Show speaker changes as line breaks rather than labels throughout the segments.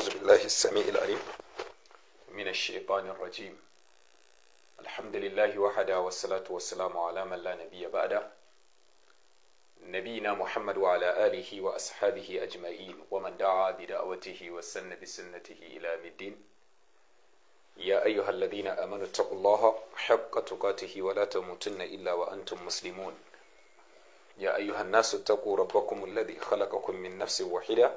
أعوذ بالله السميع العليم من الشيطان الرجيم الحمد لله وحده والصلاة والسلام على من لا نبي بعده نبينا محمد وعلى آله وأصحابه أجمعين ومن دعا بدعوته وسن بسنته إلى مدين يا أيها الذين آمنوا اتقوا الله حق تقاته ولا تموتن إلا وأنتم مسلمون يا أيها الناس اتقوا ربكم الذي خلقكم من نفس واحدة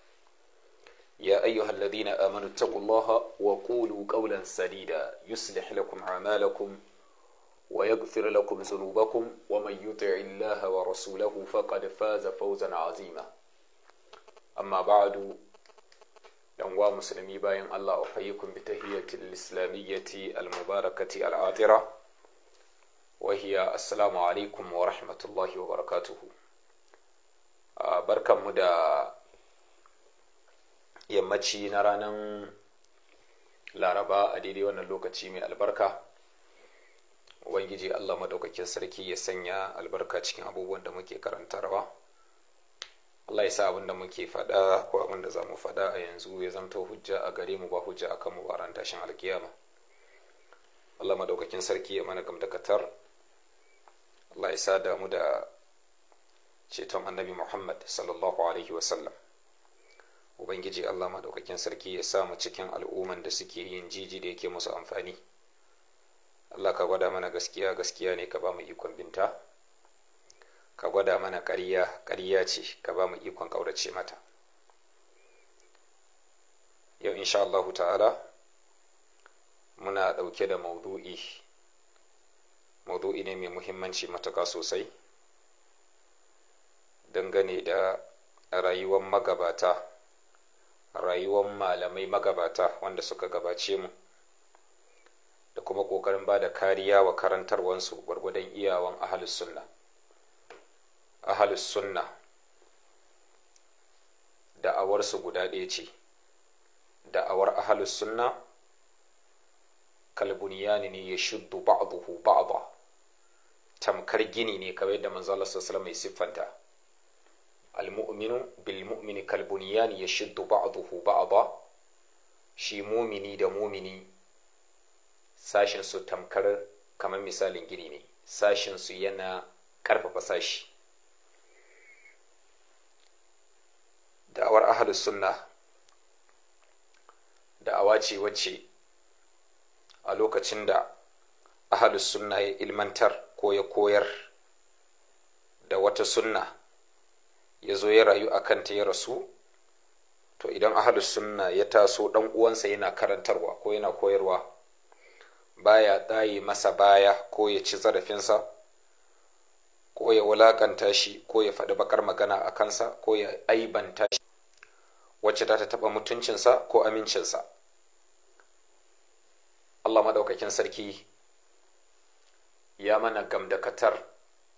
يا أيها الذين آمنوا اتقوا الله وقولوا قولا سديدا يصلح لكم أعمالكم ويغفر لكم ذنوبكم ومن يطع الله ورسوله فقد فاز فوزا عظيما أما بعد لنوا مسلمي باين الله أحييكم بتهية الإسلامية المباركة العاطرة وهي السلام عليكم ورحمة الله وبركاته بركة مدى yammaci na ranar laraba a daidai wannan lokaci mai albarka ubangiji allah madaukakin sarki ya sanya albarka cikin abubuwan da muke karantarwa allah ya sa abin da muke faɗa ko abin da za mu faɗa a yanzu ya zamto hujja a gare mu ba hujja a kan mubaran tashin alkiyama allah madaukakin sarki ya mana gamdakatar allah ya sa damu da ceton annabi muhammad sallallahu alaihi wasallam ubangiji allah maɗaukakin sarki ya sa mu cikin al'umman da suke yin jiji da yake musu amfani allah ka gwada mana gaskiya gaskiya ne ka ba mu ikon binta ka gwada mana ƙarya ƙarya ce ka ba mu ikon ƙaurace mata yau insha allahu ta'ala muna ɗauke da maudu'i maudu'i ne mai muhimmanci matuka sosai dangane da rayuwar magabata rayuwar malamai magabata wanda suka gabace mu da kuma ƙoƙarin ba da kariya wa karantarwansu gwargwadon iyawan ahalussunna ahalussunna da'awarsu guda ɗaya ce da'awar ahalussunna sunna kalbuniyani ne ya shuddu ba'dahu ba'da tamkar gini ne kamar da manzalar Allah mai siffanta almu'minu bil mu'mini kal bunyani yashuddu ba'dahu ba'da shi mumini da mumini sashin su tamkar kamar misalin gini ne sashin su yana karfafa sashi da'awar ahlus sunna da'awa ce wacce a lokacin da ahalus sunna ya ilmantar ko ya koyar da wata sunna ya zo ya rayu a kanta ya rasu to idan ahalus sunna ya taso ɗan uwansa yana karantarwa ko yana koyarwa baya tsaye masa baya ko ya ci zarafinsa ko ya wulakanta shi ko ya faɗi baƙar magana a kansa ko ya aibanta shi wacce ta taɓa mutuncinsa ko amincinsa allah maɗaukakin sarki ya mana gamdakatar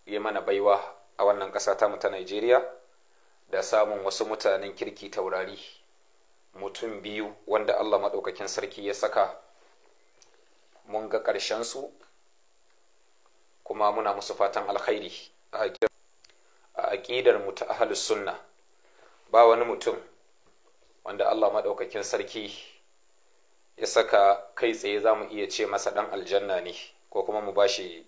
ya mana baiwa a wannan ƙasa tamu ta najeriya da samun wasu mutanen kirki taurari mutum biyu wanda Allah maɗaukakin sarki ya saka mun ga ƙarshensu kuma muna musu fatan alkhairi a aƙidar mu ta ahalus sunna ba wani mutum wanda Allah maɗaukakin sarki ya saka kai tsaye za mu iya ce masa ɗan aljanna ne ko kuma mu ba shi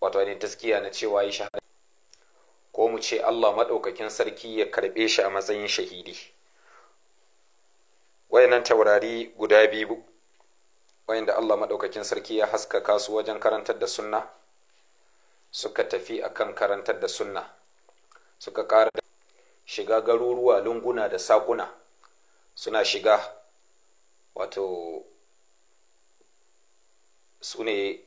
wato ne taskiya na cewa yi shahada ko mu ce Allah maɗaukakin sarki ya karɓe shi a matsayin shahidi nan taurari guda biyu wayanda Allah maɗaukakin sarki ya haskaka su wajen karantar da sunna suka tafi a kan karantar da sunna suka ƙara da shiga garuruwa lunguna da saƙuna suna shiga wato su ne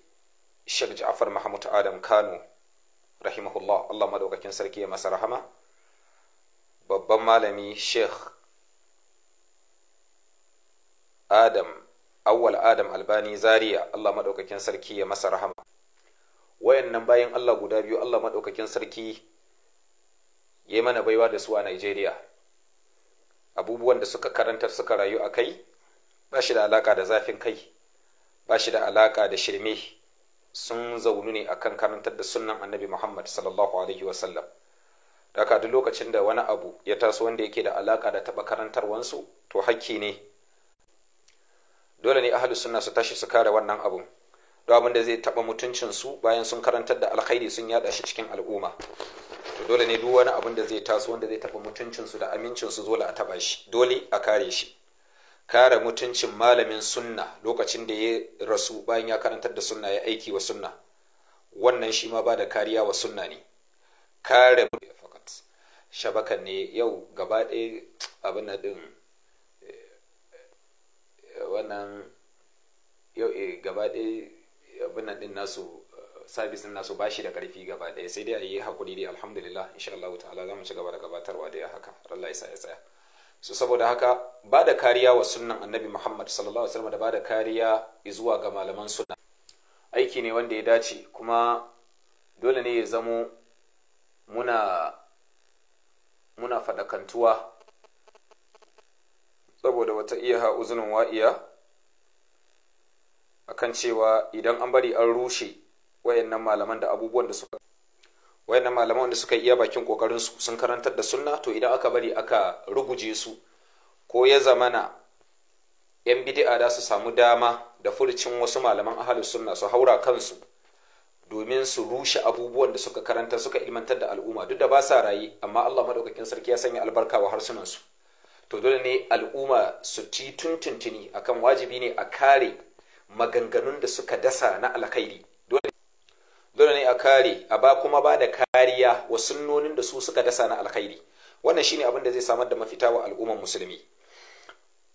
Sheikh Ja'far Mahmud Adam Kano rahimahullah Allah madaukakin sarki ya masa rahama babban malami sheikh adam awwal adam albani zaria Allah madaukakin sarki ya masa rahama wayannan bayan Allah guda biyu Allah madaukakin sarki ya mana baiwa da su a Najeriya abubuwan da suka karanta suka rayu a kai ba shi da alaka da zafin kai ba shi da alaka da shirme sun zaunu ne akan karantar da sunnan annabi muhammad sallallahu alaihi wasallam daga duk lokacin da wani abu ya taso wanda yake da alaka da taɓa karantarwansu to hakki ne dole ne ahlu sunna su tashi su kare wannan abun don abin da zai taɓa mutuncinsu bayan sun karantar da alkhairi sun yada shi cikin al'umma to dole ne duk wani abun da zai taso wanda zai taɓa mutuncinsu da amincin su zole a taɓa shi dole a kare shi kare mutuncin malamin sunna lokacin da ya rasu bayan ya karantar da sunna ya aiki wa sunna wannan shi ma ba da kariya wa sunna ne kare fakat shabakan ne yau gaba ɗaya abin na ɗin eh, wannan yau eh, gaba ɗaya abin na ɗin nasu eh, sabis ɗin nasu bashi da ƙarfi gaba ɗaya sai dai a yi haƙuri dai alhamdulillah insha Allah ta'ala za mu ci gaba da gabatarwa da ya haka Allah ya sa ya tsaya su saboda haka ba da kariya wa sunnan annabi muhammad sallallahu alaihi wasallam da ba da kariya zuwa ga malaman suna. aiki ne wanda ya dace kuma dole ne ya zamo muna muna faɗakantuwa saboda wata iya ha'uzunin wa'iya a kan cewa idan an bari an rushe wayannan malaman da abubuwan da suka wayannan malaman wanda suka iya bakin kokarin su sun karantar da sunna to idan aka bari aka ruguje su ko ya zamana yan bid'a da su samu dama da furucin wasu malaman ahlus sunna su haura kansu domin su rushe abubuwan da suka karanta suka ilmantar da al'umma duk da ba sa raye amma Allah madaukakin sarki ya sanya albarka wa harsunan su to dole ne al'umma su ti tuntuntuni akan wajibi ne a kare maganganun da suka dasa na alkhairi dole ne a kare a ba kuma ba da kariya wa sunnonin da su suka dasa na alkhairi wannan shine abin da zai samar da mafita wa al'ummar musulmi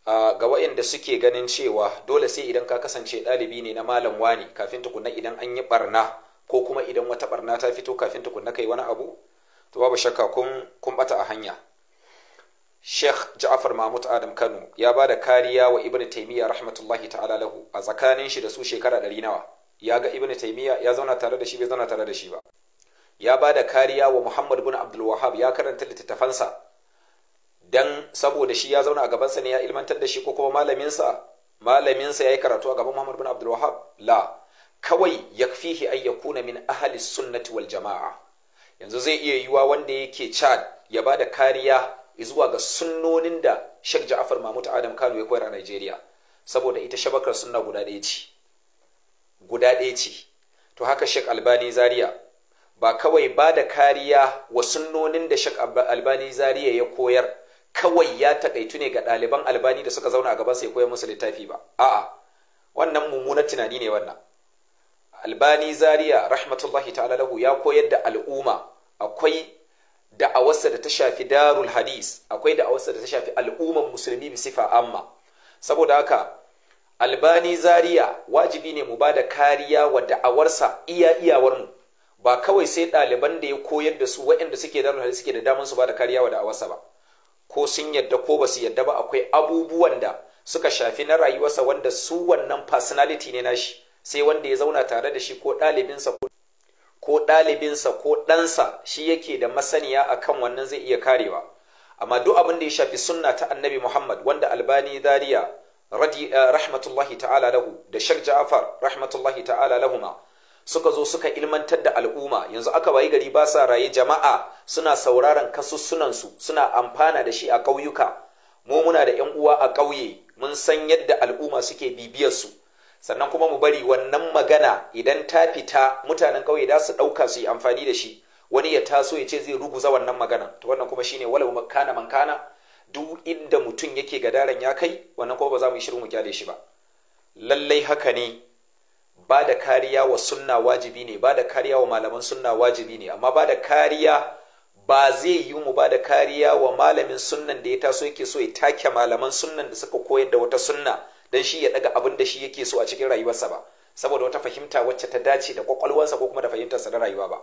ga waɗanda suke ganin cewa dole sai idan ka kasance ɗalibi ne na malam wani kafin tukunna idan an yi barna ko kuma idan wata barna ta fito kafin tukunna kai wani abu to babu shakka kun kun bata a hanya Sheikh Ja'far Mahmud Adam Kano ya bada kariya wa Ibn Taymiyyah rahmatullahi ta'ala lahu a tsakanin shi da su shekara ɗari nawa ya ga ibn Taimiyya ya zauna tare da shi bai zauna tare da shi ba ya ba da kariya wa muhammad bin abdul wahab ya karanta littattafansa dan saboda shi ya zauna a gabansa ne ya ilmantar da shi ko kuma malaminsa malaminsa ya yi karatu a gaban muhammad bin abdul wahab la kawai ya an yakuna min ahli sunnati wal jama'a yanzu zai iya yiwa wanda yake chad ya ba da kariya zuwa ga sunnonin da shek Ja'far Mahmud Adam Kano ya koyar a Najeriya saboda ita shabakar sunna guda ɗaya ce guda ɗaya ce to haka shek albani zaria ba kawai ba da kariya wa sunnonin da shek albani zaria ya koyar kawai ya taƙaitu ne ga ɗaliban albani da suka zauna a gaban sai koyar musu littafi ba a'a wannan mummunar tunani ne wannan albani zaria rahmatullahi ta'ala lahu ya koyar da al'umma akwai da wasa da ta shafi darul hadis akwai da'awarsa da ta shafi al'umman musulmi bi sifa amma saboda haka albani zariya wajibi ne mu bada kariya wa da'awarsa iya iyawar mu ba kawai sai ɗaliban da ya koyar da su waɗanda suke da hali suke da damar su bada kariya wa da'awarsa ba ko sun yadda ko ba su yadda ba akwai abubuwan da suka shafi na rayuwarsa wanda su wannan personality ne nashi sai wanda ya zauna tare da shi ko ɗalibinsa ko ɗalibinsa ko ɗansa shi yake da masaniya akan wannan zai iya karewa amma duk abin da ya shafi sunna ta annabi muhammad wanda albani zaria Eh, rahmatullahi ta'ala lahu da shak jafar rahmatullahi ta'ala lahuma suka zo suka ilmantar da al'umma yanzu aka wayi gari ba sa raye jama'a suna sauraron kasussunansu suna amfana da shi a ƙauyuka mu muna da 'yan uwa a ƙauye mun san yadda al'umma suke bibiyar su. sannan kuma mu bari wannan magana idan ta fita mutanen ƙauye da su ɗauka su yi amfani da shi wani ya taso ya ce zai ruguza wannan magana to wannan kuma shine walau kana man kana duk inda mutum yake gadaran ya kai wannan kuma ba za mu yi shiru mu kyale shi ba lallai haka ne ba da kariya wa sunna wajibi ne ba da kariya wa malaman sunna wajibi ne amma ba da kariya ba zai yi mu ba da kariya wa malamin sunnan da ya taso yake so ya take malaman sunnan da suka koyar da wata sunna dan shi ya daga abin da shi yake so a cikin rayuwarsa ba saboda wata fahimta wacce ta dace da kwakwalwarsa ko kuma da fahimtarsa na rayuwa ba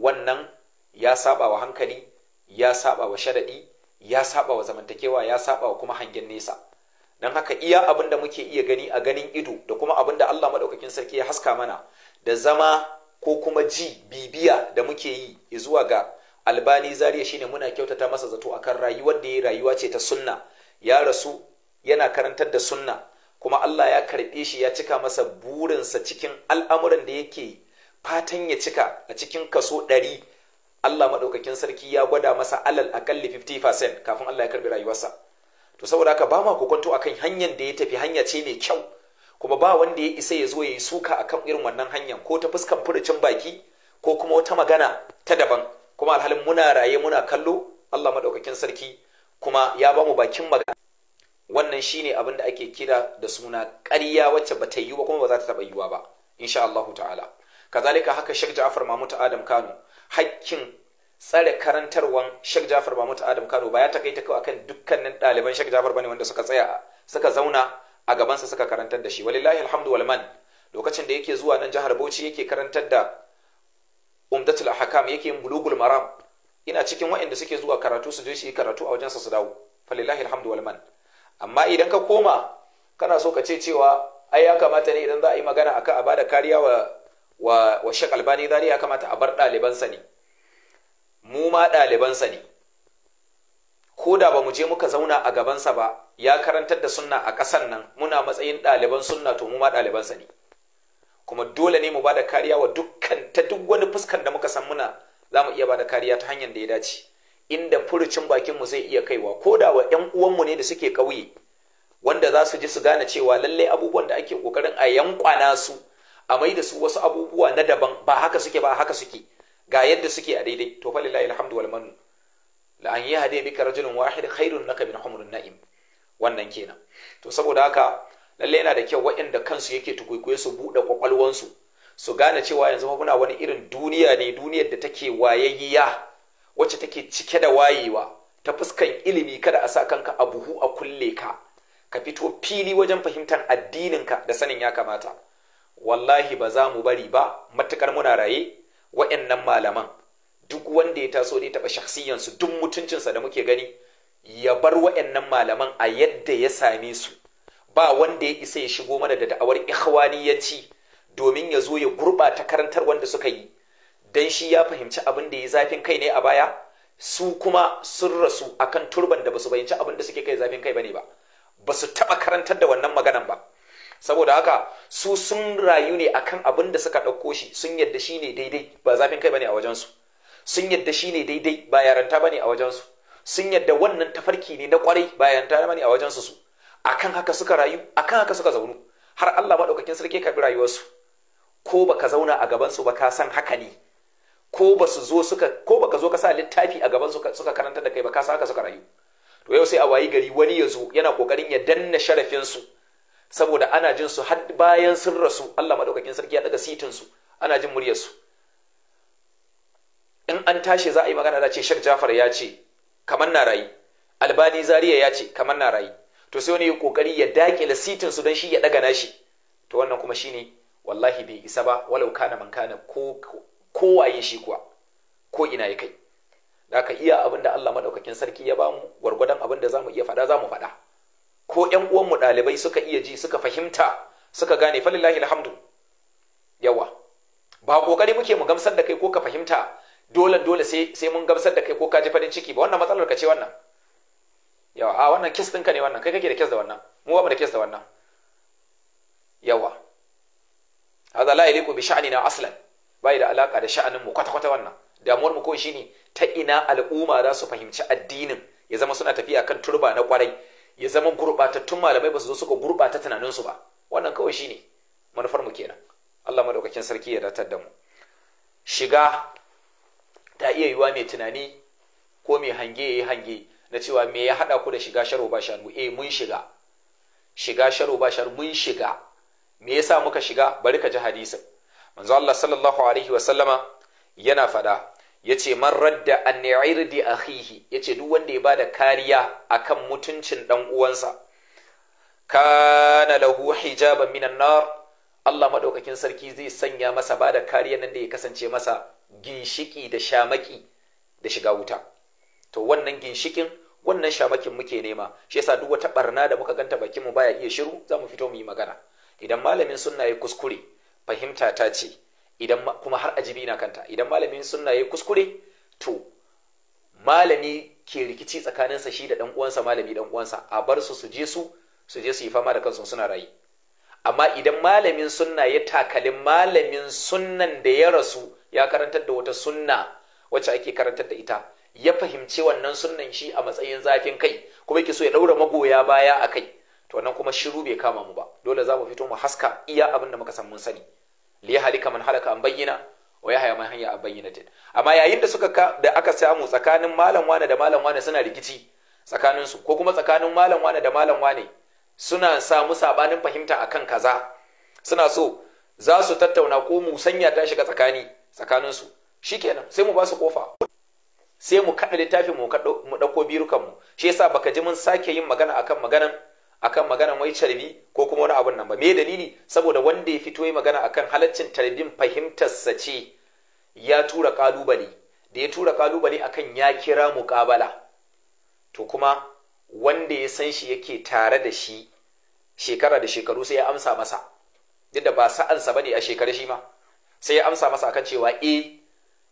wannan ya saba wa hankali ya saba wa sharadi ya saba wa zamantakewa ya saba wa kuma hangen nesa don haka iya abin da muke iya gani a ganin ido da kuma abin da Allah maɗaukakin sarki ya haska mana da zama ko kuma ji bibiya da muke yi zuwa ga albani zariya shine muna kyautata masa zato akan rayuwar da ya rayuwa ce ta sunna ya rasu yana karantar da sunna kuma Allah ya karɓe shi ya cika masa burinsa cikin al'amuran da yake fatan ya cika a cikin kaso ɗari Allah maɗaukakin sarki ya gwada masa alal akalli 50% kafin Allah ya karbi rayuwarsa to saboda haka ba ma kokonto akan hanyar da ya tafi hanya ce mai kyau kuma ba wanda ya isa ya zo ya yi suka a kan irin wannan hanyar ko ta fuskan furucin baki ko kuma wata magana ta daban kuma alhalin muna raye muna kallo Allah maɗaukakin sarki kuma ya ba mu bakin magana wannan shi ne abin da ake kira da suna ƙarya wacce ba ta yi ba kuma ba za ta taɓa yiwa ba insha allahu ta'ala kazalika haka Sheikh Ja'far Mahmud Adam Kano hakkin tsare karantarwan Sheikh Jafar Mahmud Adam Kano ba ya takaita kawai akan dukkanin ɗaliban Sheikh Jafar bane wanda suka tsaya suka zauna a gabansa suka karantar da shi walillahi alhamdu wal man lokacin da yake zuwa nan jihar Bauchi yake karantar da Umdatul Ahkam yake yin bulugul maram ina cikin wa'anda suke zuwa karatu su je shi karatu a wajensa su dawo falillahi alhamdu wal man amma idan ka koma kana so ka ce cewa ai ya kamata ne idan za a yi magana akan a bada kariya wa wa wa Albani zari ya kamata a bar ɗalibansa ne mu ma ɗalibansa ne ko da ba mu je muka zauna a gabansa ba ya karantar da sunna a ƙasar nan muna matsayin ɗaliban sunna to mu ma ɗalibansa ne kuma dole ne mu bada kariya wa dukkan ta duk wani fuskan da muka san muna za mu iya bada kariya ta hanyar da ya dace inda furucin bakin mu zai iya kaiwa ko da wa ƴan uwanmu ne da suke ƙauye wanda za su ji su gane cewa lallai abubuwan da ake ƙoƙarin a yankwana su a mai da su wasu abubuwa na daban ba haka suke ba haka suke ga yadda suke a daidai to fa lillahi alhamdu wal man la an yahdi bika rajulun wahid khairun laka min humrun na'im wannan kenan to saboda haka lalle yana da kyau wa'anda kansu yake tukuikuye su buɗe kwakwalwansu su gane cewa yanzu muna wani irin duniya ne duniyar da take wayayya wacce take cike da wayewa ta fuskan ilimi kada a sa kanka a buhu a kulle ka ka fito fili wajen fahimtar addinin ka da sanin ya kamata wallahi ba za mu bari ba matukar muna raye wa'annan malaman duk wanda ya taso da ya taɓa shaksiyansu duk mutuncinsa da muke gani ya bar wa'annan malaman a yadda ya same su ba wanda ya isa ya shigo mana da da'awar ikhwaniyanci domin ya zo ya gurɓata karantar wanda suka yi dan shi ya fahimci abin da ya zafin kai ne a baya su kuma sun rasu a kan turban da basu fahimci abin da suke kai zafin kai bane ba Ba su taɓa karantar da wannan maganan ba saboda haka su sun rayu ne akan abin da suka ɗauko shi sun yadda shi ne daidai ba zafin kai bane a wajensu sun yadda shi ne daidai ba yaranta bane a wajensu sun yadda wannan tafarki ne na kwarai ba yaranta bane a wajensu su akan haka suka rayu akan haka suka zaunu har Allah madaukakin sarki ya bi rayuwarsu ko baka zauna a gaban su ba ka san haka ne ko ba su zo suka ko baka zo ka sa littafi a gaban su suka karanta da kai ba ka san haka suka rayu to yau sai a wayi gari wani ya zo yana kokarin ya danna sharafin su saboda ana jin su har bayan sun rasu Allah madaukakin sarki ya daga sitin su ana jin muryar su in an tashi za a yi magana da ce Sheikh Jafar ya ce kamar na rayi Albani Zariya ya ce kamar na rayi to sai wani ya kokari ya dakile sitin su dan shi ya daga nashi to wannan kuma shine wallahi bai isa ba walau kana man kana ko kowaye shi kuwa ko ina ya kai da ka iya abin da Allah madaukakin sarki ya bamu gwargwadon abinda da mu iya faɗa zamu faɗa ko ƴan uwanmu ɗalibai suka iya ji suka fahimta suka gane falillahi alhamdu yawa ba ƙoƙari muke mu gamsar da kai ko ka fahimta dole dole sai mun gamsar da kai ko ka ji farin ciki ba wannan matsalar ka ce wannan yawa a wannan kis ɗinka ne wannan kai kake da kis da wannan mu ba mu da kis da wannan yawa hada la iliku bi na aslan bai da alaka da sha'anin mu kwata kwata wannan damuwar mu ko shine ta ina al'umma za su fahimci addinin ya zama suna tafiya kan turba na kwarai ya zama tun malamai ba su zo suka tunanin tunaninsu ba wannan kawai shine manufar mu kenan Allah madaukakin sarki ya datar da mu shiga ta iya yiwa mai tunani ko mai hange ya yi hange na cewa me ya haɗa ku da shiga sharo ba sharo eh mun shiga shiga sharo ba sharo mun shiga me yasa muka shiga bari ka ji hadisin manzo Allah sallallahu alaihi wa sallama yana faɗa. Ya yace man radda an irdi akhihi ce duk wanda ya bada kariya akan mutuncin dan uwansa kana lahu hijaban minan nar Allah madaukakin sarki zai sanya masa ba da kariya nan da ya kasance masa ginshiki da shamaki da shiga wuta to wannan ginshikin wannan shamakin muke nema shi yasa duk wata barna da muka ganta bakin mu baya iya shiru za mu fito mu yi magana idan malamin sunna ya kuskure fahimta ta ce idan kuma har jibi na kanta idan malamin sunna ya kuskure to malami ke rikici tsakaninsa shi da dan uwansa malami dan uwansa a bar su su je su su je su yi fama da kansu suna rayu amma idan malamin sunna ya takalin malamin sunnan da ya rasu ya karantar da wata sunna wacce ake karantar da ita ya fahimci wannan sunnan shi a matsayin zafin kai kuma yake so ya daura magoya baya a kai to nan kuma shiru bai kama mu ba dole za mu fito mu haska iya abin da muka san mun sani li halika man halaka an bayyana wa yahya man hayya an bayyinatin amma yayin da suka da aka samu tsakanin malam wane da malam wane suna rikici tsakanin su ko kuma tsakanin malam wane da malam wane suna samu sabanin fahimta akan kaza suna so za su tattauna ko musanya ta shiga tsakani tsakanin su shikenan sai mu ba su kofa sai mu kada littafin mu mu dauko birukan mu shi yasa baka ji mun sake yin magana akan maganan akan magana wai carbi ko kuma wani abun nan ba me dalili saboda wanda ya fito ya magana akan halaccin tarbin fahimtarsa ce ya tura kalubale da ya tura kalubale akan ya kira muƙabala to kuma wanda ya san shi yake tare da shi shekara da shekaru sai ya amsa masa duk da ba sa'ansa bane a shekara shi ma sai ya amsa masa akan cewa eh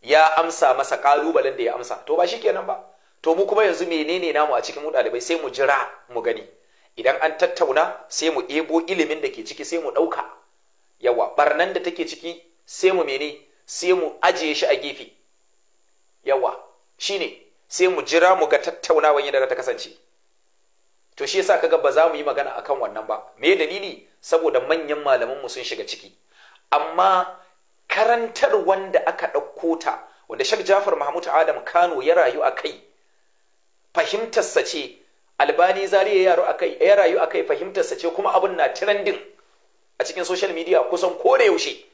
ya amsa masa kalubalen da ya amsa to ba shikenan ba to mu kuma yanzu menene namu a cikin mu ɗalibai sai mu jira mu gani idan an tattauna sai mu ɗebo ilimin da ke ciki sai mu ɗauka yawa barnan da take ciki sai mu mene sai mu ajiye shi a gefe yawa shine sai mu jira mu ga tattaunawa yadda ta kasance to shi yasa kaga ba za mu yi magana akan wannan ba me dalili saboda manyan malaman mu sun shiga ciki amma karantar wanda aka ɗauko ta wanda Sheikh Jafar Mahmud Adam Kano ya rayu a kai fahimtarsa ce albani zariya ya akai ya rayu akai fahimtar sa ce kuma abin na trending a cikin social media kusan ko da yaushe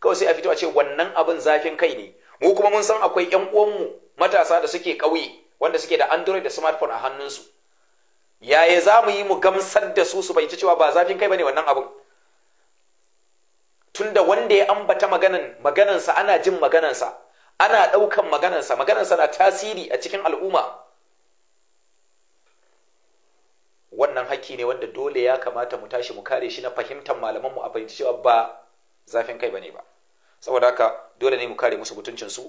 kawai sai a fito a ce wannan abin zafin kai ne mu kuma mun san akwai yan mu matasa da suke kauye wanda suke da android da smartphone a hannunsu yaya za mu yi mu gamsar da su su fahimci cewa ba zafin kai bane wannan abin tunda wanda ya ambata maganan maganansa ana jin maganansa ana ɗaukan maganansa maganansa na tasiri a cikin al'umma wannan haƙƙi ne wanda dole ya kamata mu tashi mu kare shi na fahimtar malaman mu a fahimci cewa ba zafin kai bane ba saboda haka dole ne mu kare musu mutuncin su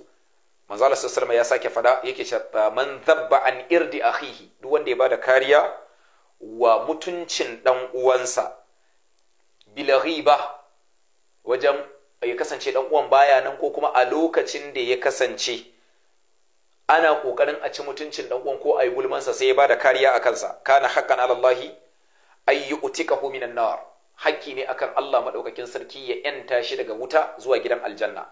manzo Allah sallallahu ya sake fada yake cewa man dhabba an irdi akhihi duk wanda ya bada kariya wa mutuncin dan uwansa bil ghiba wajen ya kasance dan uwan baya nan ko kuma a lokacin da ya kasance ana kokarin a ci mutuncin dan uwan ko a yi gulmansa sai ya bada kariya a kansa kana haqqan ala Allah ay yu'tikahu minan nar haƙƙi ne akan Allah madaukakin sarki ya yanta shi daga wuta zuwa gidan aljanna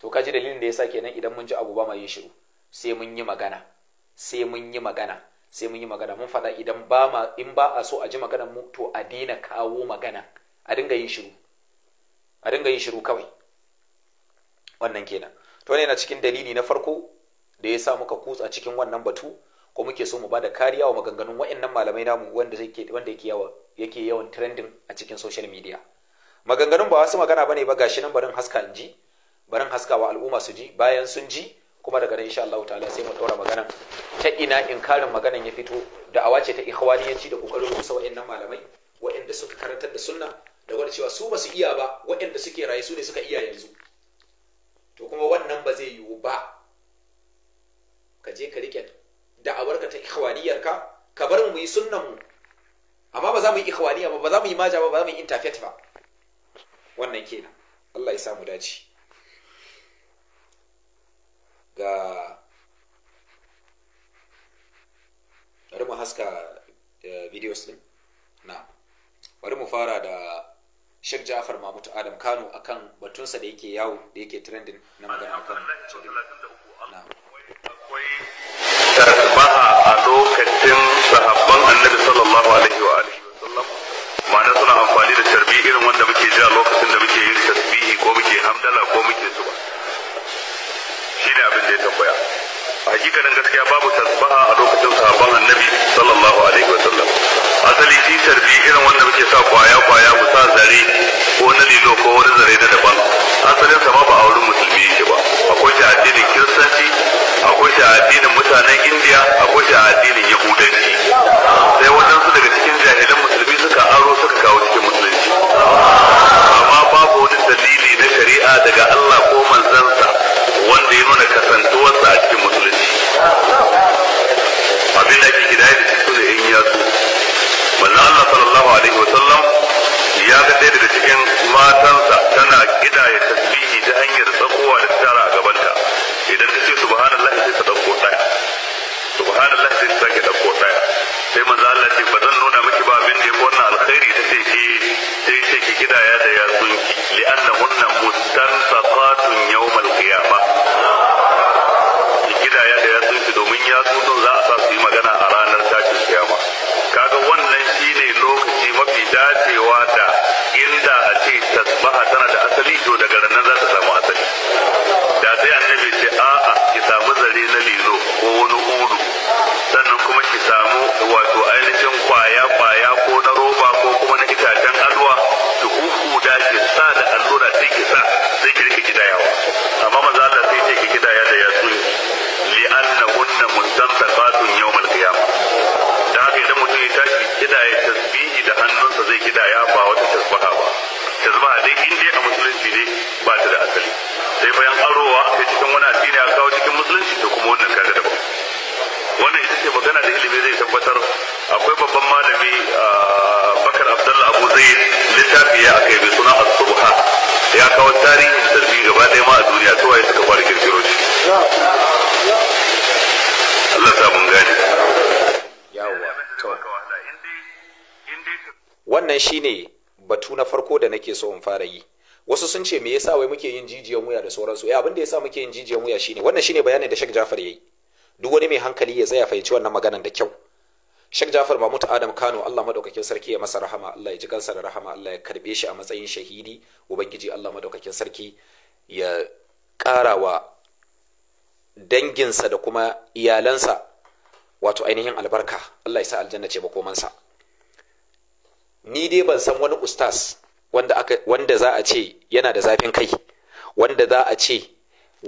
to kaji dalilin da yasa kenan idan mun ji abu ba ma yin shiru sai mun yi magana sai mun yi magana sai mun yi magana mun faɗa idan ba ma in ba a so a ji maganar mu to a daina kawo magana a dinga yin shiru a dinga yin shiru kawai wannan kenan to ne na cikin dalili na farko da ya sa muka kutsa cikin wannan batu ko muke so mu bada kariya wa maganganun wannan malamai namu wanda yake wanda yake yawa yawan trending a cikin social media maganganun ba wasu magana bane ba gashi nan barin haska in ji barin haska wa al'umma su ji bayan sun ji kuma daga nan insha Allah ta'ala sai mu daura magana. ta ina in karin maganan ya fito da awace ta ikhwaniyanci da kokarin musa waɗannan malamai waɗanda suka karantar da sunna da gwada cewa su ba su iya ba waɗanda suke rayu su ne suka iya yanzu to kuma wannan ba zai yiwu ba ka je ka rike da'awarka ta ikhwaniyarka ka bar mu yi sunnan mu amma ba za mu yi ikhwaniya ba ba za mu yi maja ba ba za mu yi interfaith ba wannan kenan Allah ya samu dace ga bari mu haska eh, videos din na bari mu fara da shek Ja'far Mamutu Adam Kano akan batunsa da yake yawo da yake trending na magana akan na akwai
tasbaha a lokacin sahabban annabi sallallahu alaihi wa alihi wasallam ma'ana suna amfani da tarbi irin wanda muke ji a lokacin da muke yin tasbihi ko muke hamdala ko muke zuba shine abin da ya tambaya hakikanin gaskiya babu tasbaha a lokacin sahabban annabi sallallahu alaihi wa sallam asali shi tarbi irin wanda muke sa kwaya kwaya mu sa zare ko na lilo ko wani zare na daban asalin sa ma ba a wurin musulmi yake ba akwai shi addinin kiristanci akwai shi addinin mutanen indiya akwai shi addinin yahudanci sai waɗansu daga cikin jahilan musulmi suka aro suka kawo cikin musulunci amma babu wani dalili na shari'a daga Allah ko manzansa wanda ya nuna kasantuwarsa a cikin musulunci abin da ake gida da su da yatsu manzo Allah sallallahu alaihi wasallam ya ga ɗaya daga cikin matansa tana kidaya tasbihi ta hanyar tsakowa da tara a gabanta idan ta ce subhanallahi sai ta dauko daya subhanallahi sai ta sake dauko daya sai manzo Allah ce ba zan nuna miki ba abin da yake wannan alkhairi ta ce ki eh, sai ce ki kidaya da yatsunki li'annahunna mustansaqatun yawmal qiyamah ki kidaya da yatsunki domin yatsun za a sa su yi magana a rana kaga wannan shine lokaci mafi dacewa da inda a ce tasbaha tana da asali to daga nan za ta samu malami ah, bakar abdullah abu zai littafi ya aka yi suna a subha ya kawo tarihin tarbi gaba ɗaya ma a duniya to waye suka fara kirkiro
shi Allah ta mun gani yawa to wannan shine batu na farko da nake so in fara yi wasu sun ce me yasa wai muke yin jijiyar muya da sauransu eh abinda da yasa muke yin jijiyar wuya shine wannan shine bayanin da Sheikh Jafar yayi duk wani mai hankali ya tsaya fahimci wannan maganar da kyau Sheikh Jafar Mahmud Adam Kano Allah madaukakin sarki ya masa rahama Allah ya ji kansa da rahama Allah ya karbe shi a matsayin shahidi ubangiji Allah madaukakin sarki ya karawa danginsa da kuma iyalansa wato ainihin albarka Allah ya sa aljanna ce makomansa ni dai ban san wani ustaz wanda aka wanda za a ce yana da zafin kai wanda za a ce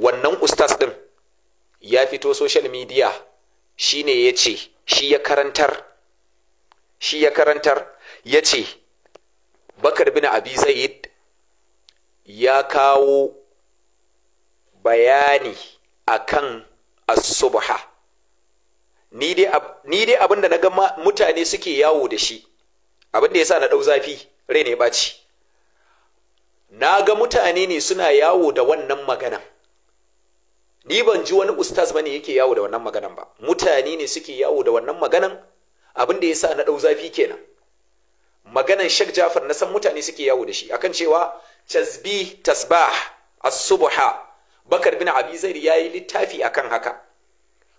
wannan ustaz din ya fito social media shine ya ce shi ya karantar shi ya karantar ya ce bakar bin abi zaid ya kawo bayani a kan subha ni dai abin da na ga mutane suke yawo da shi abin da ya sa na ɗau zafi rai ne ɓaci na ga mutane ne suna yawo da wannan maganan ni ban ji wani ustaz bane yake yawo da wannan maganan ba mutane ne suke yawo da wannan maganan abin da sa na dau zafi kenan maganan Sheikh Jafar na san mutane suke yawo da shi akan cewa tasbih tasbah as Bakar bin Abi Zaid yayi littafi akan haka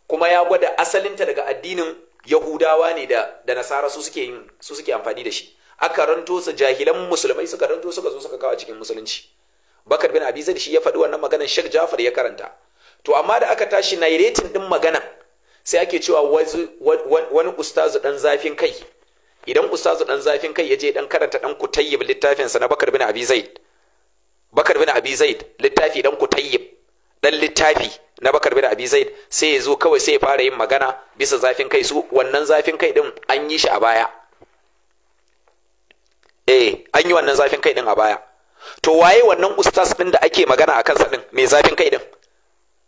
kuma ya gwada asalinta daga addinin Yahudawa ne da da Nasara su suke su suke amfani da shi aka ranto su jahilan musulmai suka ranto suka zo suka kawo cikin musulunci Bakar bin Abi Zaid shi ya faɗi wannan maganar Sheikh Jafar ya karanta to amma da aka tashi narrating din magana sai ake cewa wani ustazu dan zafin kai idan ustazu dan zafin kai ya je dan karanta dan kutayyib littafin sa na Bakar bin Abi Zaid Bakar bin Abi Zaid littafi dan kutayyib dan littafi na Bakar bin Abi Zaid sai ya zo kawai sai ya fara yin magana bisa zafin kai su wannan zafin kai din an yi shi a baya eh an yi wannan zafin kai din a baya to waye wannan ustaz din da ake magana a kansa din mai zafin kai din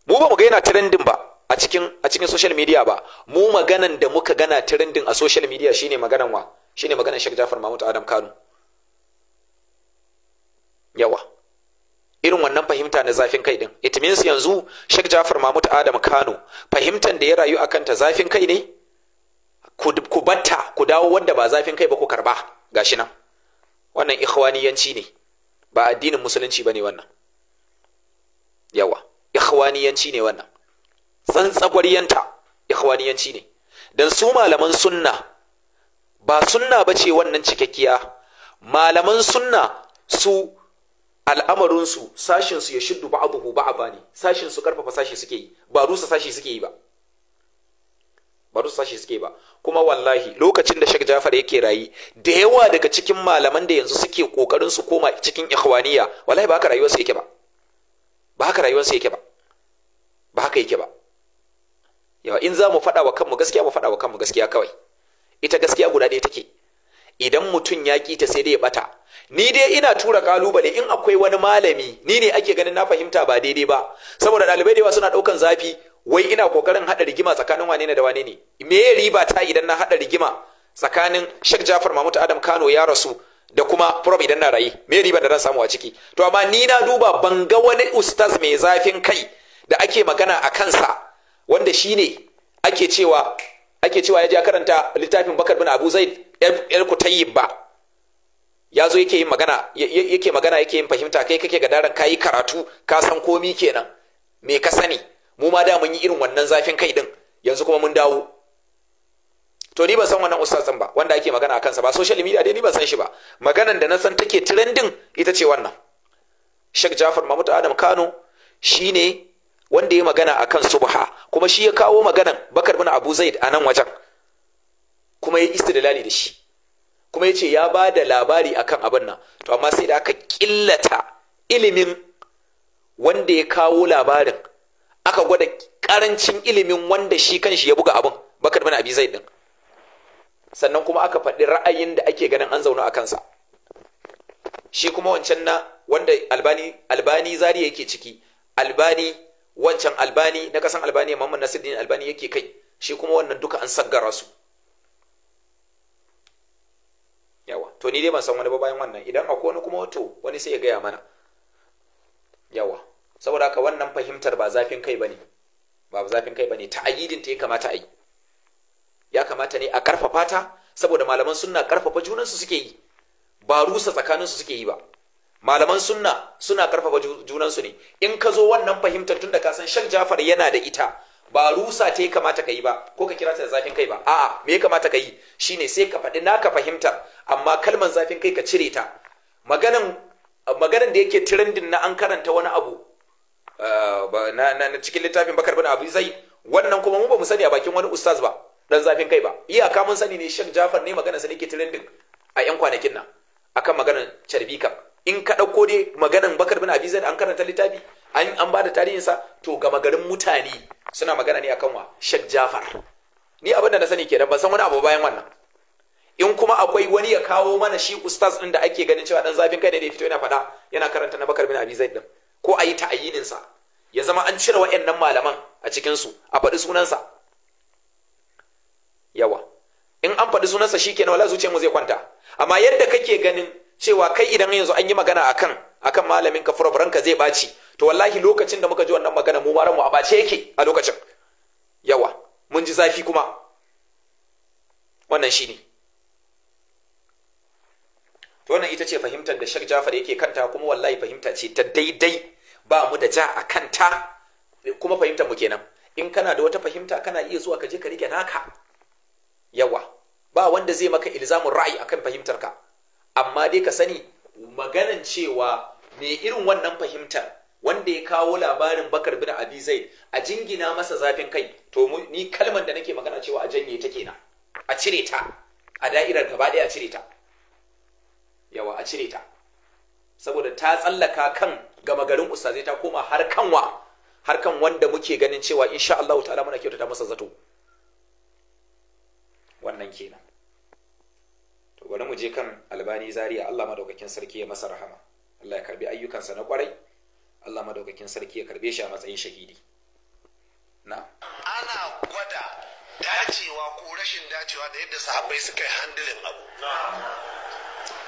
mu ba mu ga yana trending ba a cikin a cikin social media ba mu maganan da muka gana trending a social media shine maganan wa shine maganan Sheikh Jafar Mahmud Adam Kano yawa irin wannan fahimta na zafin kai din it means yanzu Sheikh Jafar Mahmud Adam Kano fahimtar da ya rayu akan ta zafin kai ne ku ku batta ku dawo wanda ba zafin kai ba ku karba gashi nan wannan ikhwaniyanci ne ba addinin musulunci bane wannan yawa ikhwaniyanci ne wannan tsantsagwaryanta ikhwaniyanci ne dan su malaman sunna ba sunna bace wannan cikakkiya malaman sunna su al'amarinsu sashinsu ya shiddu ba'aduhu ba'aba ne sashinsu karfafa sashi suke yi ba rusa sashi suke yi ba ba rusa sashi suke yi ba kuma wallahi lokacin da shek Jafar yake rayi da yawa daga cikin malaman da yanzu suke kokarin su koma cikin ikhwaniya wallahi ba haka rayuwarsu yake ba ba haka rayuwarsu yake ba ba haka yake ba yawa in za mu faɗa wa kanmu gaskiya mu faɗa wa kanmu gaskiya kawai ita gaskiya guda ɗaya take idan mutum ya ƙi ta sai dai ya ɓata ni dai ina tura kalubale in akwai wani malami ni ne ake ganin na fahimta ba daidai ba saboda ɗalibai da yawa suna ɗaukan zafi wai ina kokarin haɗa rigima tsakanin wane ne da wane ne me ya riba ta idan na haɗa rigima tsakanin Sheikh Jafar Mahmud Adam Kano ya rasu da kuma prof idan na rayu me riba da ran samu a ciki to amma ni na duba ban ga wani ustaz mai zafin kai da ake magana a kansa wanda shine ake cewa ake cewa ya ja karanta littafin Bakar bin Abu yarku yar yi ba ya zo yake yin magana yake magana yake yin fahimta kai kake ga daren kayi karatu ka san komi kenan me ka sani mu ma da mun yi irin wannan zafin kai din yanzu kuma mun dawo to ni ban san wannan ustaz ba wanda ake magana a kansa ba social media dai ni ban san shi ba maganan da na san take trending ita ce wannan Sheikh Jafar Mahmud Adam Kano shine wanda ya magana a kan subha kuma shi ya kawo maganan bakar bin abu zaid a nan wajen kuma ya istidlali da shi kuma ya ce ya ba da labari akan abin nan to amma sai da aka killata ilimin wanda ya kawo labarin aka gwada karancin ilimin wanda shi kanshi ya buga abin bakar bin Abu zaid din sannan kuma aka faɗi ra'ayin da ake ganin an zauna a kansa shi kuma wancan na wanda albani albani zari yake ciki albani wancan albani na kasan albani muhammad nasiruddin albani yake kai shi kuma wannan duka an saggara su yawa to ni dai ban san wani ba bayan wannan idan akwai wani kuma wato wani sai ya gaya mana yawa saboda haka wannan fahimtar ba zafin kai bane ba zafin kai bane ayyidin ta ya kamata ayi. ya kamata ne a karfafa ta saboda malaman sunna karfafa junansu suke yi ba rusa tsakaninsu suke yi ba malaman sunna suna karfafa junansu ne in ka zo wannan fahimtar tun da kasan san shak jafar yana da ita ba rusa ta yi kamata ka yi ba ko ka kira ta da zafin kai ba a'a me ya kamata ka yi shine sai ka faɗi naka fahimtar amma kalman zafin kai ka cire ta maganan maganan da yake trendin na an karanta wani abu ah, na, cikin littafin bakar bin abu zai wannan kuma mu ba mu sani a bakin wani ustaz ba dan zafin kai ba iyaka mun sani ne shak jafar ne maganar sa ne ke trendin a yan kwanakin nan akan maganar carbi kam in ka ɗauko dai maganan bakar bin abizar an karanta littafi an ba da tarihinsa to gama garin mutane suna magana ne akan wa shek jafar ni abinda na sani kenan ban san wani abu bayan wannan in kuma akwai wani ya kawo mana shi ustaz din da ake ganin cewa dan zafin kai ne da ya fito yana faɗa yana karanta na bakar bin abizar din ko a yi ta'ayyininsa sa ya zama an cire wa'annan malaman a cikin su a faɗi sunansa yawa in an faɗi sunansa shi kenan wala zuciyar mu zai kwanta amma yadda kake ganin cewa kai idan yanzu an yi magana akan akan malamin ka fura ranka zai baci to wallahi lokacin da muka ji wannan magana mu mu a bace yake a lokacin yawa mun ji zafi kuma wannan shine to wannan ita ce fahimtar da Sheikh Jafar yake kanta kuma wallahi fahimta ce ta daidai ba mu da ja a kanta kuma fahimtar mu kenan in kana da wata fahimta kana iya zuwa ka je ka rike naka yawa ba wanda zai maka ilzamin ra'ayi akan fahimtar ka amma dai ka sani maganan cewa mai irin wannan fahimtar wanda ya kawo labarin bakar bin abi zai a jingina masa zafin kai to ni kalmar da nake magana cewa a janye ta kenan a cire ta a da'irar gaba ɗaya a cire ta yawa a cire ta saboda ta tsallaka kan gama garin ustazai ta koma har kanwa har kan wanda muke ganin cewa insha Allah ta'ala muna kyautata masa zato wannan kenan bari mu je kan albani zaria Allah madaukakin sarki ya masa rahama Allah ya karbi ayyukansa na kwarai Allah madaukakin sarki ya karbe shi a matsayin shahidi na
ana gwada dacewa ko rashin dacewa da yadda sahabbai suka yi handilin abu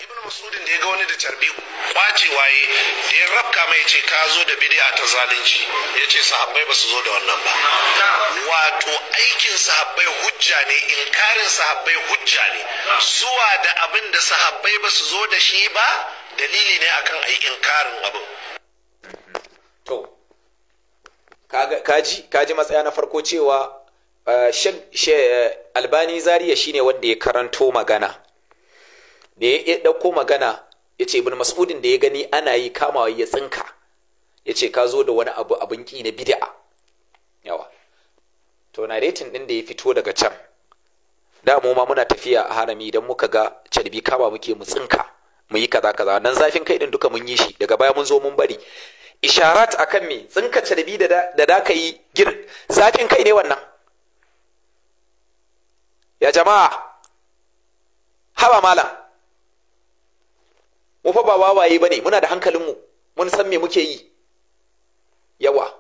ibn masudin da ya ga wani da carbi kwace waye da ya rabka mai ce ka zo da bid'a ta zalunci ya ce sahabbai ba su zo da wannan ba wato aikin sahabbai hujja ne inkarin sahabbai hujja ne zuwa da abin da sahabbai ba su zo da shi ba dalili ne akan aikin karin abin
to kaji kaji matsaya na farko cewa eh, eh, albani zariya shine wanda ya karanto magana da ya ɗauko magana ya ce ibn mas'udin da ya gani ana yi kamawa ya tsinka ya ce ka zo da wani abu abin ƙi na bida'a. yawa to na retin ɗin da ya fito daga can da mu ma muna tafiya a harami idan muka ga carbi kama muke mu tsinka mu yi kaza kaza nan zafin kai ɗin duka mun yi shi daga baya mun zo mun bari isharat akan me tsinka carbi da da ka yi gir zafin kai ne wannan ya jama'a haba malam Mufa ba wawaye ne muna da hankalinmu mun san me muke yi yawa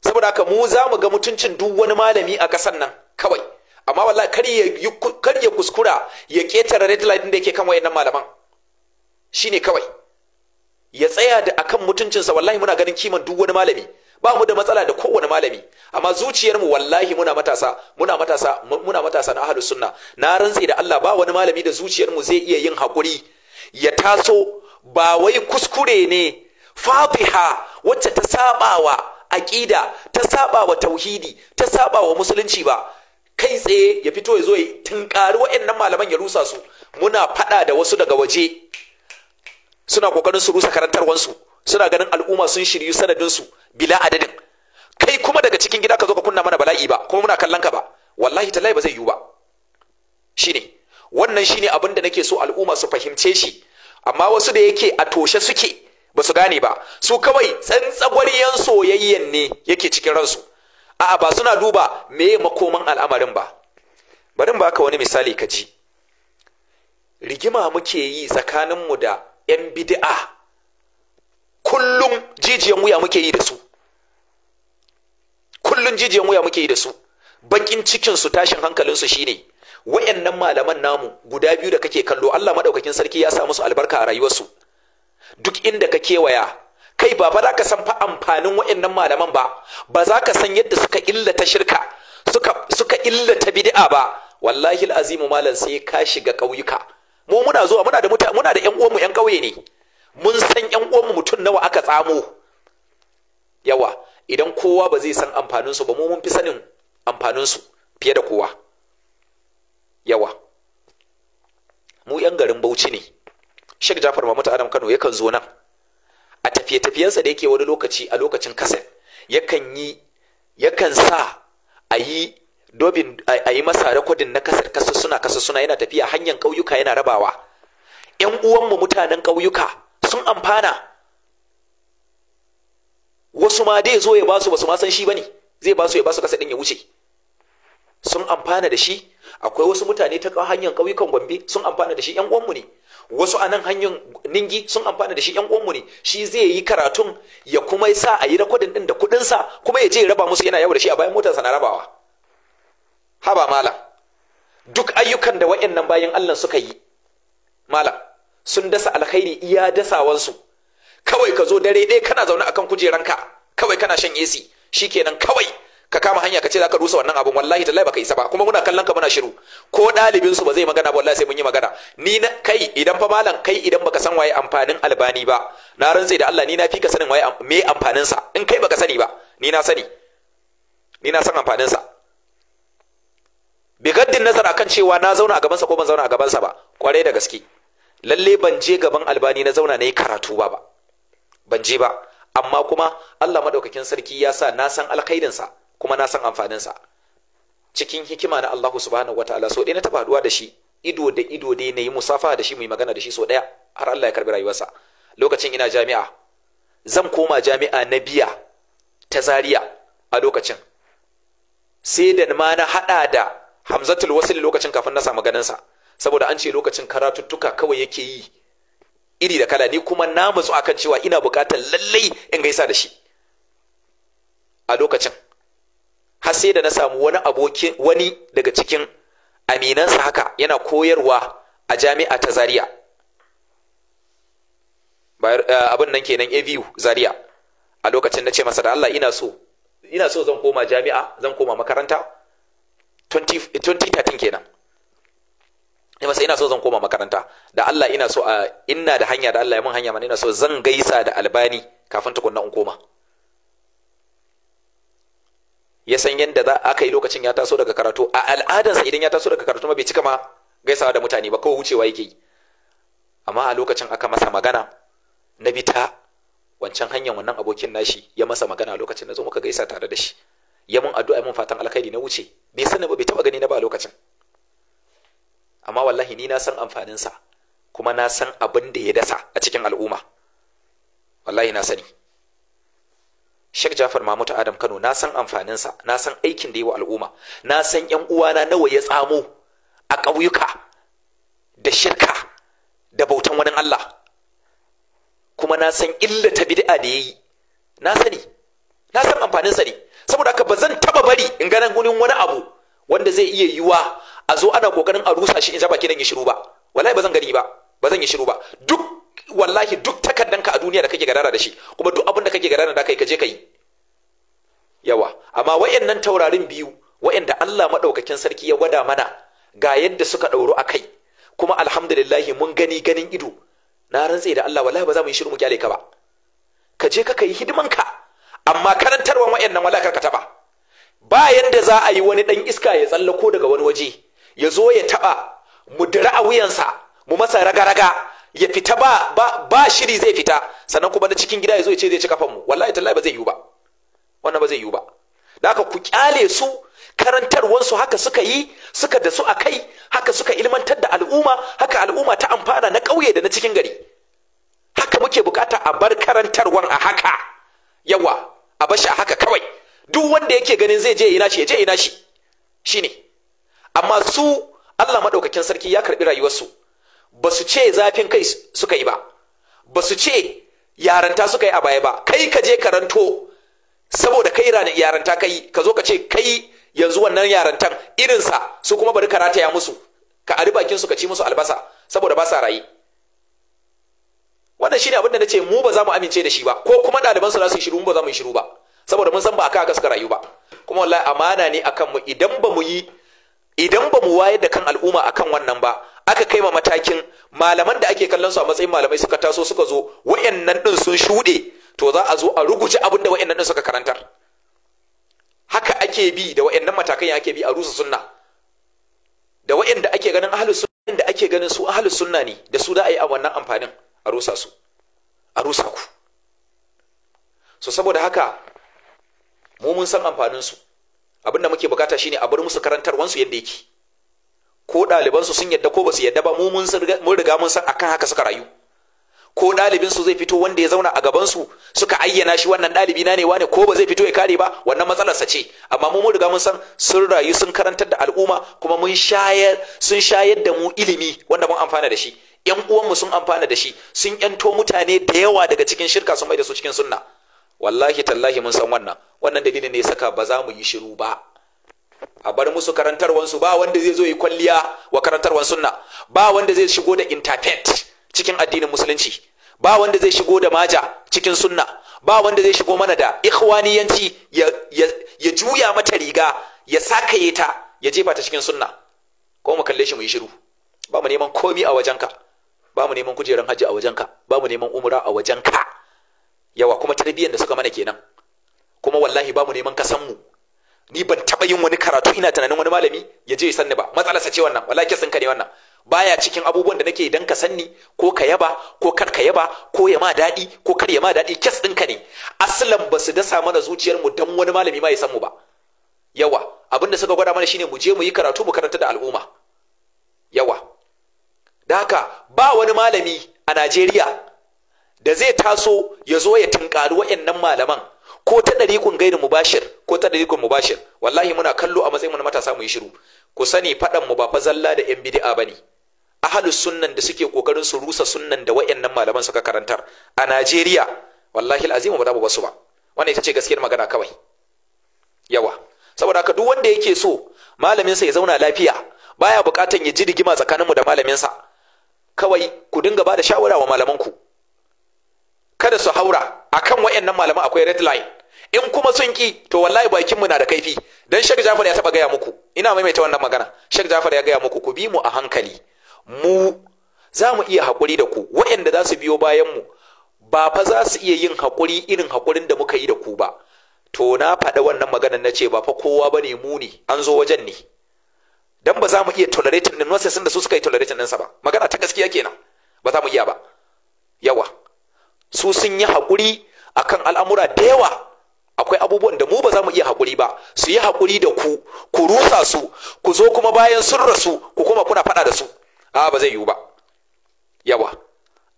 saboda haka mu za mu ga mutuncin duk wani malami a ƙasar nan kawai amma wallahi kar ya kuskura ya ƙetare red light da yake kan wayannan malaman shine kawai ya tsaya da akan mutuncinsa wallahi muna ganin kiman duk wani malami ba mu da matsala da kowane malami amma zuciyarmu wallahi muna matasa muna matasa muna matasa na ahlus sunna na rantsi da Allah ba wani malami da zuciyar mu zai iya yin hakuri ya taso ba wai kuskure ne fatiha wacce ta wa aqida ta wa tauhidi ta wa musulunci ba kai tsaye ya fito ya zo ya tunkari waɗannan malaman ya rusa su muna faɗa da wasu daga waje suna kokarin su rusa karantarwansu suna ganin al'umma sun shiryu sanadinsu bila adadin kai kuma daga cikin gida ka zo ka kunna mana bala'i ba kuma muna kallon ka ba wallahi tallahi ba zai yiwu ba shine wannan shine abin da nake so al'umma su fahimce shi amma wasu da yake a toshe suke ba su gane ba su kawai tsantsagwariyan soyayyen ne yake cikin ransu a'a ba suna duba me makoman al'amarin ba bari ka wani misali ka ji rigima muke yi tsakaninmu da 'yan bid'a kullum jijiyan wuya muke yi da su kullum jijiyan wuya muke yi da su bakin cikinsu tashin hankalinsu shine wayannan malaman namu guda biyu da kake kallo Allah madaukakin sarki ya sa musu albarka a rayuwarsu duk inda ka kewaya kai ba ba za ka san fa amfanin wayannan malaman ba ba za ka san yadda suka illata shirka suka suka illata bid'a ba wallahi alazimu malam sai ka shiga ƙauyuka mu muna zuwa muna da muta muna da ƴan uwanmu ƴan ƙauye ne mun san ƴan uwanmu mutum nawa aka tsamo yawa idan kowa ba zai san amfaninsu ba mu mun fi sanin amfaninsu fiye da kowa yawa mu yan garin bauchi ne shek jafar mamata adam kano yakan zo nan a tafiye-tafiyensa da yake wani lokaci a lokacin kasar yakan yi yakan sa a yi dobin a yi masa rekodin na kasar kasa suna kasa suna yana tafiya hanyar ƙauyuka yana rabawa yan uwanmu mutanen ƙauyuka sun amfana wasu ma dai zo ya basu basu ma san shi bane zai basu ya basu kasa din ya wuce sun amfana da shi akwai wasu mutane ta hanyar ƙauyukan gombe sun amfana da shi yan uwanmu ne wasu a nan hanyar ningi sun amfana da shi yan uwanmu ne shi zai yi karatun ya kuma sa a yi rakodin din da kuɗin sa kuma ya je ya raba musu yana yawo da shi a bayan motarsa na rabawa haba malam duk ayyukan da wayannan bayan Allah suka yi malam sun dasa alkhairi iya dasawansu kawai ka zo dare ɗaya kana zaune akan kujeranka kawai kana shan AC shikenan kawai ka kama hanya ka ce za ka rusa wannan abun wallahi tallahi baka isa ba kuma muna kallon ka muna shiru ko dalibin su ba zai magana ba wallahi sai mun yi magana ni na kai idan fa malam kai idan baka san waye amfanin albani ba na rantse da Allah ni na fi ka sanin waye me amfanin sa in kai baka sani ba ni na sani ni na san amfanin sa bigaddin nazar akan cewa na zauna a gaban sa ko ban zauna a gaban sa ba kwarai da gaske lalle ban je gaban albani na zauna na yi karatu ba ba ban je ba amma kuma Allah madaukakin sarki ya sa na san sa kuma na san sa cikin hikima na Allah subhanahu wataala so dai na taɓa haɗuwa da shi ido da ido dai na yi musafa da shi mu yi magana da shi so ɗaya har Allah ya karbi rayuwarsa lokacin ina jami'a zan koma jami'a na biya ta Zariya a lokacin sai da ma na haɗa da hamzatul wasil lokacin kafin na samu ganinsa saboda an ce lokacin karatuttuka kawai yake yi iri da kala ni kuma na matsu akan cewa ina bukatar lallai in gaisa da shi a lokacin har sai da na samu wani aboki wani daga cikin aminansa haka yana koyarwa a jami'a ta Zaria eh, abin nan kenan aviu Zaria a lokacin na ce masa da Allah ina so ina so zan koma jami'a zan koma makaranta 2013 kenan ne masa ina so zan koma makaranta da Allah ina so a eh, inna da hanya da Allah ya mun hanya mana ina so zan gaisa da albani kafin tukunna in koma ya san yadda za aka yi lokacin ya taso daga karatu a al'adarsa idan ya taso daga karatu ma bai cika ma gaisawa da mutane ba kawai wucewa yake yi amma a lokacin aka masa magana na bita wancan hanyar wannan abokin nashi ya masa magana lokacin na zo muka gaisa tare da shi ya mun addu'a mun fatan alkhairi na wuce bai sani ba bai taba gani na ba lokacin amma wallahi ni na san amfanin sa. kuma na san abin da ya dasa a cikin al'umma wallahi na sani Sheikh Jafar Mamutu Adam Kano na san amfaninsa na san aikin da yi wa al'umma na san yan uwana nawa ya tsamo a ƙauyuka da shirka da bautan wani Allah kuma na san illata bid'a da yayi na sani na san amfaninsa ne saboda haka ba zan taba bari in ga nan wani abu wanda zai iya yiwa a zo ana kokarin a rusa shi in zaba kidan nan ya shiru ba wallahi ba zan gani ba ba zan yi shiru ba duk wallahi duk takardanka a duniya da kake gadara da shi kuma duk abin da kake gadara da kai ka je ka yi yawa amma wayannan taurarin biyu wayanda Allah madaukakin sarki ya gwada mana ga yadda suka dauro kai, kuma alhamdulillah mun gani ganin ido na rantse da Allah wallahi ba za mu yi shiru mu kyale ka ba ka je ka kai hidimanka amma karantarwa wayannan wallahi ka taba ba yadda za a yi wani dan iska ya tsallako daga wani waje ya zo ya taba mu dira a wuyansa mu masa raga-raga ya fita ba ba, ba shiri zai fita sannan kuma na cikin gida ya zo ya ce zai ci kafan mu wallahi tallahi ba zai yiwu ba wannan ba zai yiwu ba da haka ku kyale su karantarwar su haka suka yi suka da su a kai haka suka ilmantar da al'umma haka al'umma ta amfana na ƙauye da na cikin gari haka muke bukata a bar karantarwan a haka yawa a bashi a haka kawai duk wanda yake ganin zai je ina shi ya je ina shi shine amma su Allah madaukakin sarki ya karbi rayuwarsu ba su ce zafin kai suka yi ba ba su ce yaranta suka yi a baya ba kai ka je karanto saboda kai yaranta kai ka zo ka ce kai yanzu wannan yarantan irinsa su kuma bari karata ya musu ka ari bakin su ka ci musu albasa saboda ba sa raye wannan shine abin da nace mu ba za mu amince da shi ba ko kuma ɗaliban su za su yi shiru mu ba za mu yi shiru ba saboda mun san ba aka aka suka rayu ba kuma wallahi amana ne akan mu idan ba mu yi idan ba mu wayar da kan al'umma akan wannan ba aka kai ma matakin malaman da ake kallon su a matsayin malamai suka taso suka zo wayannan din sun shuɗe to za a zo a ruguje abin da wayannan din suka karantar haka ake bi da wayannan matakan ake bi a rusa sunna da wayanda ake ganin ahlus sunna da ake ganin su ahlus sunna ne da su da ayi wannan amfanin a rusa su a rusa ku so saboda haka mu mun san amfanin su Abin da muke bukata shine a bar musu wansu yadda yake ko ɗalibansu sun yadda ko basu yadda ba mu mun riga mun san akan haka suka rayu ko ɗalibinsu zai fito wanda ya zauna a gaban su suka ayyana shi wannan ɗalibi na ne wane ko ba zai fito ya kare ba wannan sa ce amma mu mun riga mun san sun rayu sun karantar da al'umma kuma mun shayar sun shayar da mu ilimi wanda mun amfana da shi yan uwanmu sun amfana da shi sun yanto mutane da yawa daga cikin shirka sun mai da su cikin sunna wallahi tallahi mun san wannan wannan dalilin ne saka ba za mu yi shiru ba a bar musu karantarwansu ba wanda zai zo yi kwalliya wa karantarwan sunna ba wanda zai shigo da interpret cikin addinin musulunci ba wanda zai shigo da maja cikin sunna ba wanda zai shigo mana da ikhwaniyanci ya, ya juya mata riga ya sakaye ta ya jefa ta cikin sunna ko mu kalle shi mu yi shiru ba mu neman komi a wajenka ba mu neman kujerar hajji a wajenka ba mu neman umra a wajenka yawa kuma tarbiyyar da suka mana kenan kuma wallahi ba mu neman ka san mu ni ban taba yin wani karatu ina tunanin wani malami ya je ya sanni ba matsalarsa ce wannan wallahi kisan ka ne wannan baya cikin abubuwan da nake idan ka sanni ko ka yaba ko kar ka yaba ko ya ma daɗi ko kar ya ma daɗi kes ka ne aslan ba su dasa mana zuciyar mu dan wani malami ma ya san mu ba yawa abin da suka gwada mana shine mu je mu yi karatu mu karanta da al'umma yawa da haka ba wani malami a Najeriya da zai taso ya zo ya tunkari waɗannan malaman ko ta ɗarikun gairin mubashir ko ta ɗarikun mubashir wallahi muna kallo a matsayin na matasa mu yi shiru ku sani faɗan mu ba fa zalla da yan ba ne. ahlus sunnan da suke kokarin su rusa sunnan da wayannan malaman suka karantar a Najeriya wallahi alazim ba za mu basu ba wannan ita ce gaskiyar magana kawai yawa saboda haka duk wanda yake so malamin sa ya zauna lafiya baya bukatan ya ji rigima mu da malamin sa kawai ku dinga ba da shawara wa malamanku kada su haura akan wayannan malaman akwai red line in kuma sun ki to wallahi bakin mu na da kaifi dan Sheikh Jafar ya taba gaya muku ina maimaita wannan magana Sheikh Jafar ya gaya muku ku bi mu a hankali mu za mu iya haƙuri da ku wayanda za su biyo bayan mu ba fa za su iya yin haƙuri irin haƙurin da muka yi da ku ba to na faɗa wannan maganar na ce ba fa kowa bane mu ne an zo wajen ne dan ba za mu iya tolerating din wasu sun da su suka yi tolerating ɗinsa ba magana ta gaskiya kenan ba za mu iya ba yawa su sun yi haƙuri akan al'amura da yawa akwai abubuwan da mu ba za mu iya haƙuri ba su yi haƙuri da ku ku rusa su ku zo kuma bayan sun rasu ku kuma kuna faɗa da su a ba zai yiwu ba yawa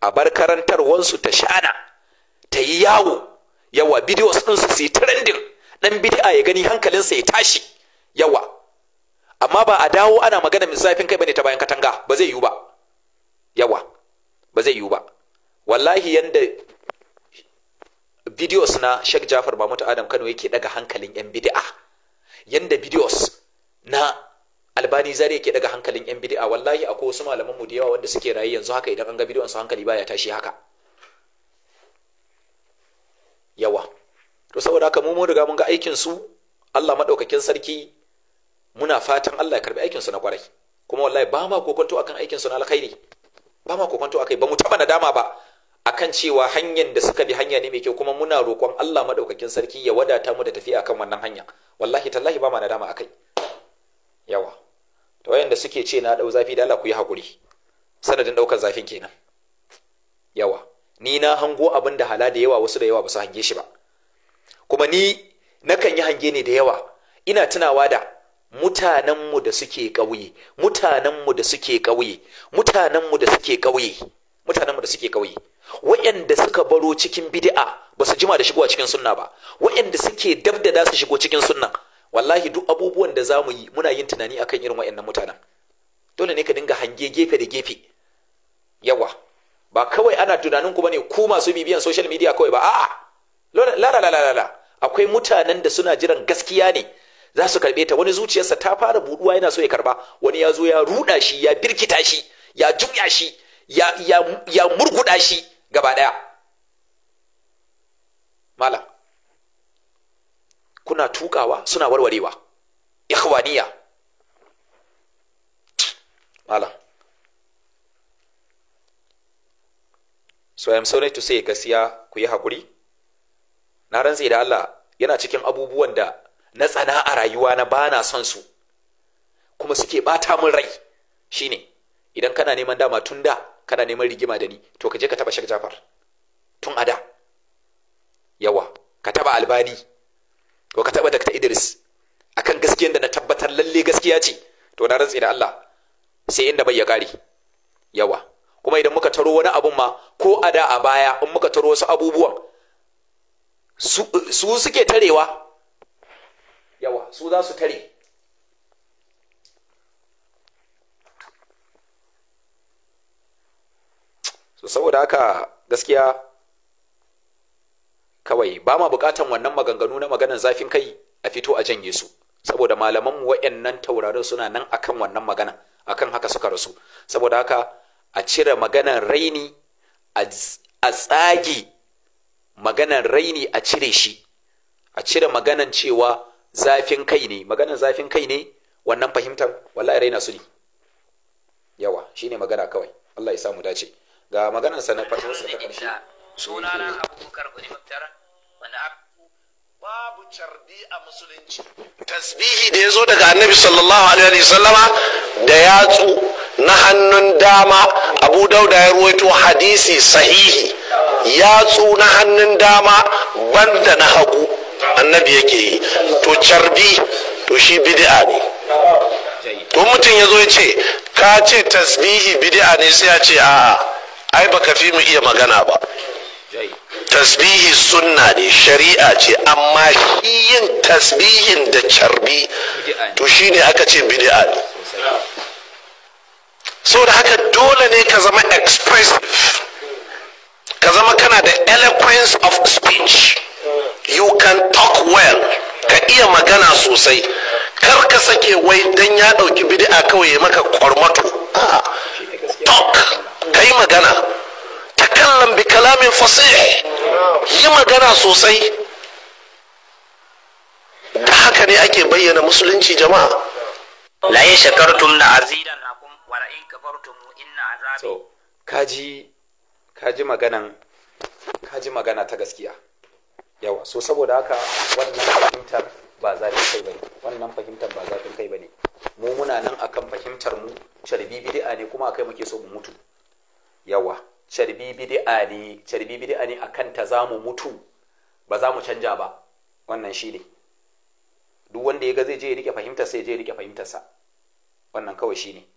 a bar karantarwansu ta shana ta yi yawo yawa bidiyos ɗinsu su yi trending ɗan bidi'a ya gani hankalinsa ya tashi yawa amma ba a dawo ana magana mai zafin kai bane ta bayan katanga ba zai yiwu ba yawa ba zai yiwu ba wallahi yadda videos na Sheikh Jafar Mahmud Adam Kano yake daga hankalin yan bid'a Yadda videos na Albani Zari yake daga hankalin yan bid'a wallahi akwai wasu malaman mu da yawa wanda suke rayu yanzu haka idan an ga bidiyon su hankali baya tashi haka yawa to saboda haka mu mun riga mun ga aikin su Allah madaukakin sarki muna fatan Allah ya karbi aikin su na kwarai kuma wallahi ba ma kokonto akan aikin su na alkhairi ba ma kokonto akai ba mu taba nadama ba akan cewa hanyar da suka bi hanya ne mai kyau kuma muna roƙon Allah madaukakin sarki ya wadata mu da tafiya akan wannan hanya wallahi tallahi ba ma nadama akai yawa to wayanda suke ce na dau zafi da ku yi hakuri sanadin daukar zafin kenan yawa ni na hango abin da hala da yawa wasu da yawa ba su hange shi ba kuma ni nakan yi hange ne da yawa ina tunawa da mutanenmu da suke ƙauye mutanenmu da suke ƙauye mutanenmu da suke ƙauye mutanenmu da suke ƙauye waɗanda suka baro cikin bid'a ba su jima da shigowa cikin sunna ba waɗanda suke dabda da su shigo cikin sunna wallahi duk abubuwan da za mu yi muna yin tunani akan irin waɗannan mutanen dole ne ka dinga hange gefe da gefe yawa ba kawai ana tunanin ku bane ku masu bibiyan social media kawai ba a'a la la la la akwai mutanen da suna jiran gaskiya ne za su karbe ta wani zuciyarsa ta fara buduwa yana so ya karba wani ya zo ya ruda shi ya birkita shi ya juya shi ya ya, ya murguda shi gaba ɗaya, mala kuna tukawa suna warwarewa ikhwaniya mala so i am sorry to say gaskiya ku yi hakuri na rantse da Allah yana cikin abubuwan da na tsana a rayuwa na bana son su kuma suke bata min rai shine idan kana neman dama tun da kana neman rigima da ni to ka je ka taba Sheikh Jafar tun ada yawa ka taba Albani ko ka taba Dr. Idris akan gaskiyar da na tabbatar lalle gaskiya ce to na rantsi da Allah sai inda bai ya kare yawa kuma idan muka taro wani abun ma ko ada a baya in muka taro wasu abubuwan su suke tarewa yawa su za su tare so saboda haka gaskiya kawai ba ma bukatan wannan maganganu na maganan zafin kai a fito a janye su saboda malaman mu waɗannan taurarin suna nan akan wannan magana akan haka suka rasu saboda haka a cire maganan raini a tsage maganan raini a cire shi a cire maganan cewa zafin kai ne maganan zafin kai ne wannan fahimtar wallahi raina su ne yawa ne magana kawai Allah ya samu dace ga maganar sa na fatan ta ƙarshe suna na
abubakar wani mutara wani babu cardi a musulunci tasbihi da ya zo daga annabi sallallahu alaihi sallama da yatsu na hannun dama abu dauda ya ruwaito hadisi sahihi yatsu na hannun dama banda na hagu annabi yake yi to carbi to shi bid'a ne to mutum ya zo ya ce ka ce tasbihi bid'a ne sai ya ce a'a ai baka fi mu iya magana ba tasbihi sunna ne shari'a ce amma shi yin tasbihin da carbi to shi ne aka ce bid'a ne so da haka dole ne ka zama expressive ka zama kana da eloquence of speech you can talk well ka iya magana sosai kar ka sake wai dan ya ɗauki bid'a kawai ya maka kwarmato ah, tok ka yi magana takallam bi kalamin fasih yi magana sosai da haka ne ake bayyana musulunci jama'a la in shakartum azidan azidannakum wa la in
kafartum inna azabi kaji kaji maganan kaji magana ta gaskiya yawa so saboda haka wannan fahimtar ba zafin kai bane wannan fahimtar ba zafin kai bane mu muna nan akan fahimtar mu carbi bid'a ne kuma akai muke so mu mutu yawa carbi bid'a ne carbi bid'a ne akan ta mu mutu ba za mu canja ba wannan shi ne duk wanda ya ga zai je ya rike fahimtar sai ya je ya rike fahimtar sa wannan kawai shi ne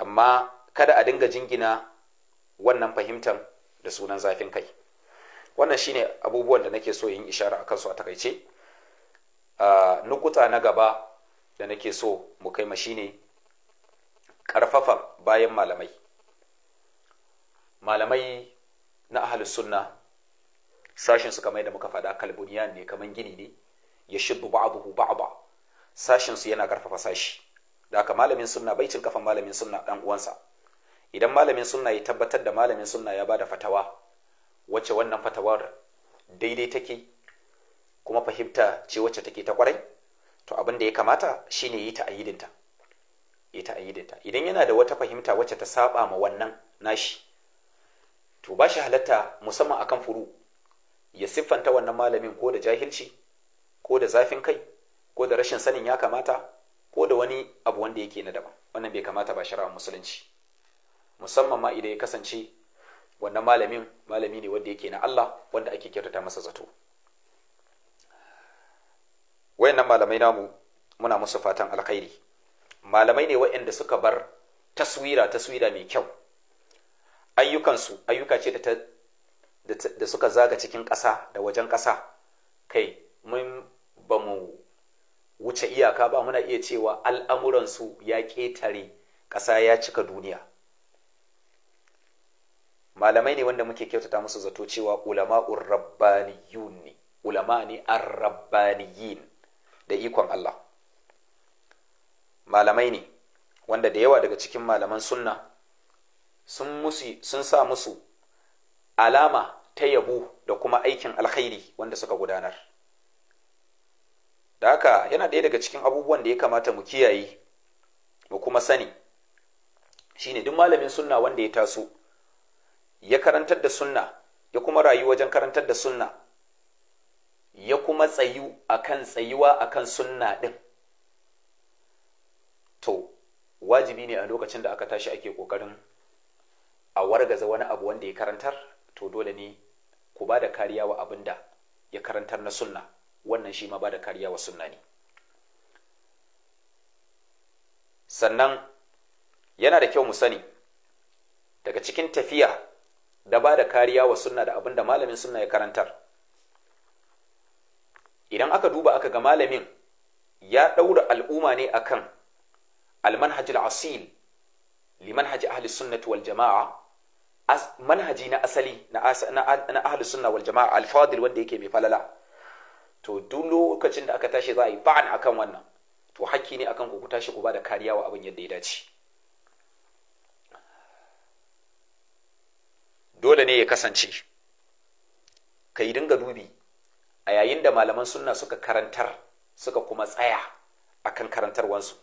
amma kada a dinga jingina wannan fahimtar da sunan zafin kai wannan shine abubuwan da nake so yin ishara akan su a takaice nukuta na gaba da nake so mu kai ma shine karfafa bayan malamai malamai na ahlus sunna sashin su kamar da muka faɗa kalbuniyan ne kamar gini ne ya shibbu ba'dahu ba'da sashin su yana karfafa sashi da haka malamin sunna bai cin kafan malamin sunna dan uwansa idan malamin sunna ya tabbatar da malamin sunna ya bada fatawa wacce wannan fatawar daidai take kuma fahimta ce wacce take ta kwarai to abin da ya kamata shine yi ta ayyidinta yi ta ayyidinta idan yana da wata fahimta wacce ta saba ma wannan nashi to ba shi halatta musamman akan furu ya siffanta wannan malamin ko da jahilci ko da zafin kai ko da rashin sanin ya kamata ko da wani abu wanda yake na daban wannan bai kamata ba shara'a musulunci musamman ma idan ya kasance wannan malamin malami ne wanda yake na Allah wanda ake kyautata masa zato nan malamai namu muna musu fatan alkhairi malamai ne wayanda suka bar taswira taswira mai kyau ayyukansu ayyuka ce da suka zaga cikin ƙasa da wajen ƙasa kai mun ba mu wuce iyaka ba muna iya cewa al'amuransu ya ƙetare ƙasa ya cika duniya malamai ne wanda muke kyautata musu zato cewa ulama'ur rabbaniyun ne ulama ne ar-rabbaniyin da ikon Allah malamai ne wanda da yawa daga cikin malaman sunna sun musu sun sa musu alama ta yabo da kuma aikin alkhairi wanda suka gudanar da haka yana ɗaya daga cikin abubuwan da ya kamata mu kiyaye mu kuma sani shine duk malamin sunna wanda ya taso ya karantar da sunna ya kuma rayu wajen karantar da sunna ya kuma tsayu akan tsayuwa akan sunna ɗin to wajibi ne a lokacin da aka tashi ake ƙoƙarin a wargaza wani abu wanda ya karantar to dole ne ku ba da kariya wa abin da ya karantar na sunna wannan shi ma ba da kariya wa sunna ne sannan yana da kyau mu sani daga cikin tafiya da ba da kariya wa sunna da abin da malamin sunna ya karantar idan aka duba aka ga malamin ya ɗaura al'umma ne akan almanhajil asil limanhaji ahli sunnati wal jama'a manhaji na asali na ahli sunna wal jama'a alfadil wanda yake mai falala to duk lokacin da aka tashi za a yi ba'an akan wannan to hakki ne akan ku tashi ku ba da kariya wa abin yadda ya dace dole ne ya kasance ka yi dinga dubi a yayin da malaman sunna suka karantar suka kuma tsaya a akan karantarwansu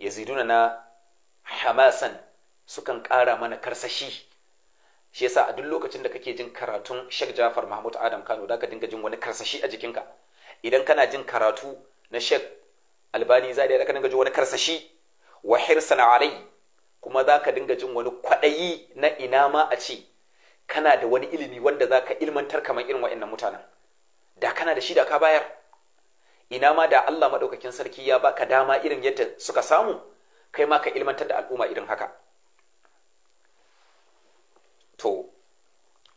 yaziduna na hamasan sukan ƙara mana karsashi shi yasa a duk lokacin da kake jin karatun Sheikh Jafar Mahmud Adam Kano da ka dinga jin wani karsashi a jikinka idan kana jin karatu na shek Albani Zadi da ka dinga jin wani karsashi wa hirsan alai kuma za ka dinga jin wani kwaɗayi na ina ma a ce kana da wani ilimi wanda za ka ilmantar kamar irin wa'annan mutanen da kana da shi da ka bayar ina ma da Allah maɗaukakin sarki ya baka dama irin yadda suka samu kai ma ka ilmantar da al'umma irin haka to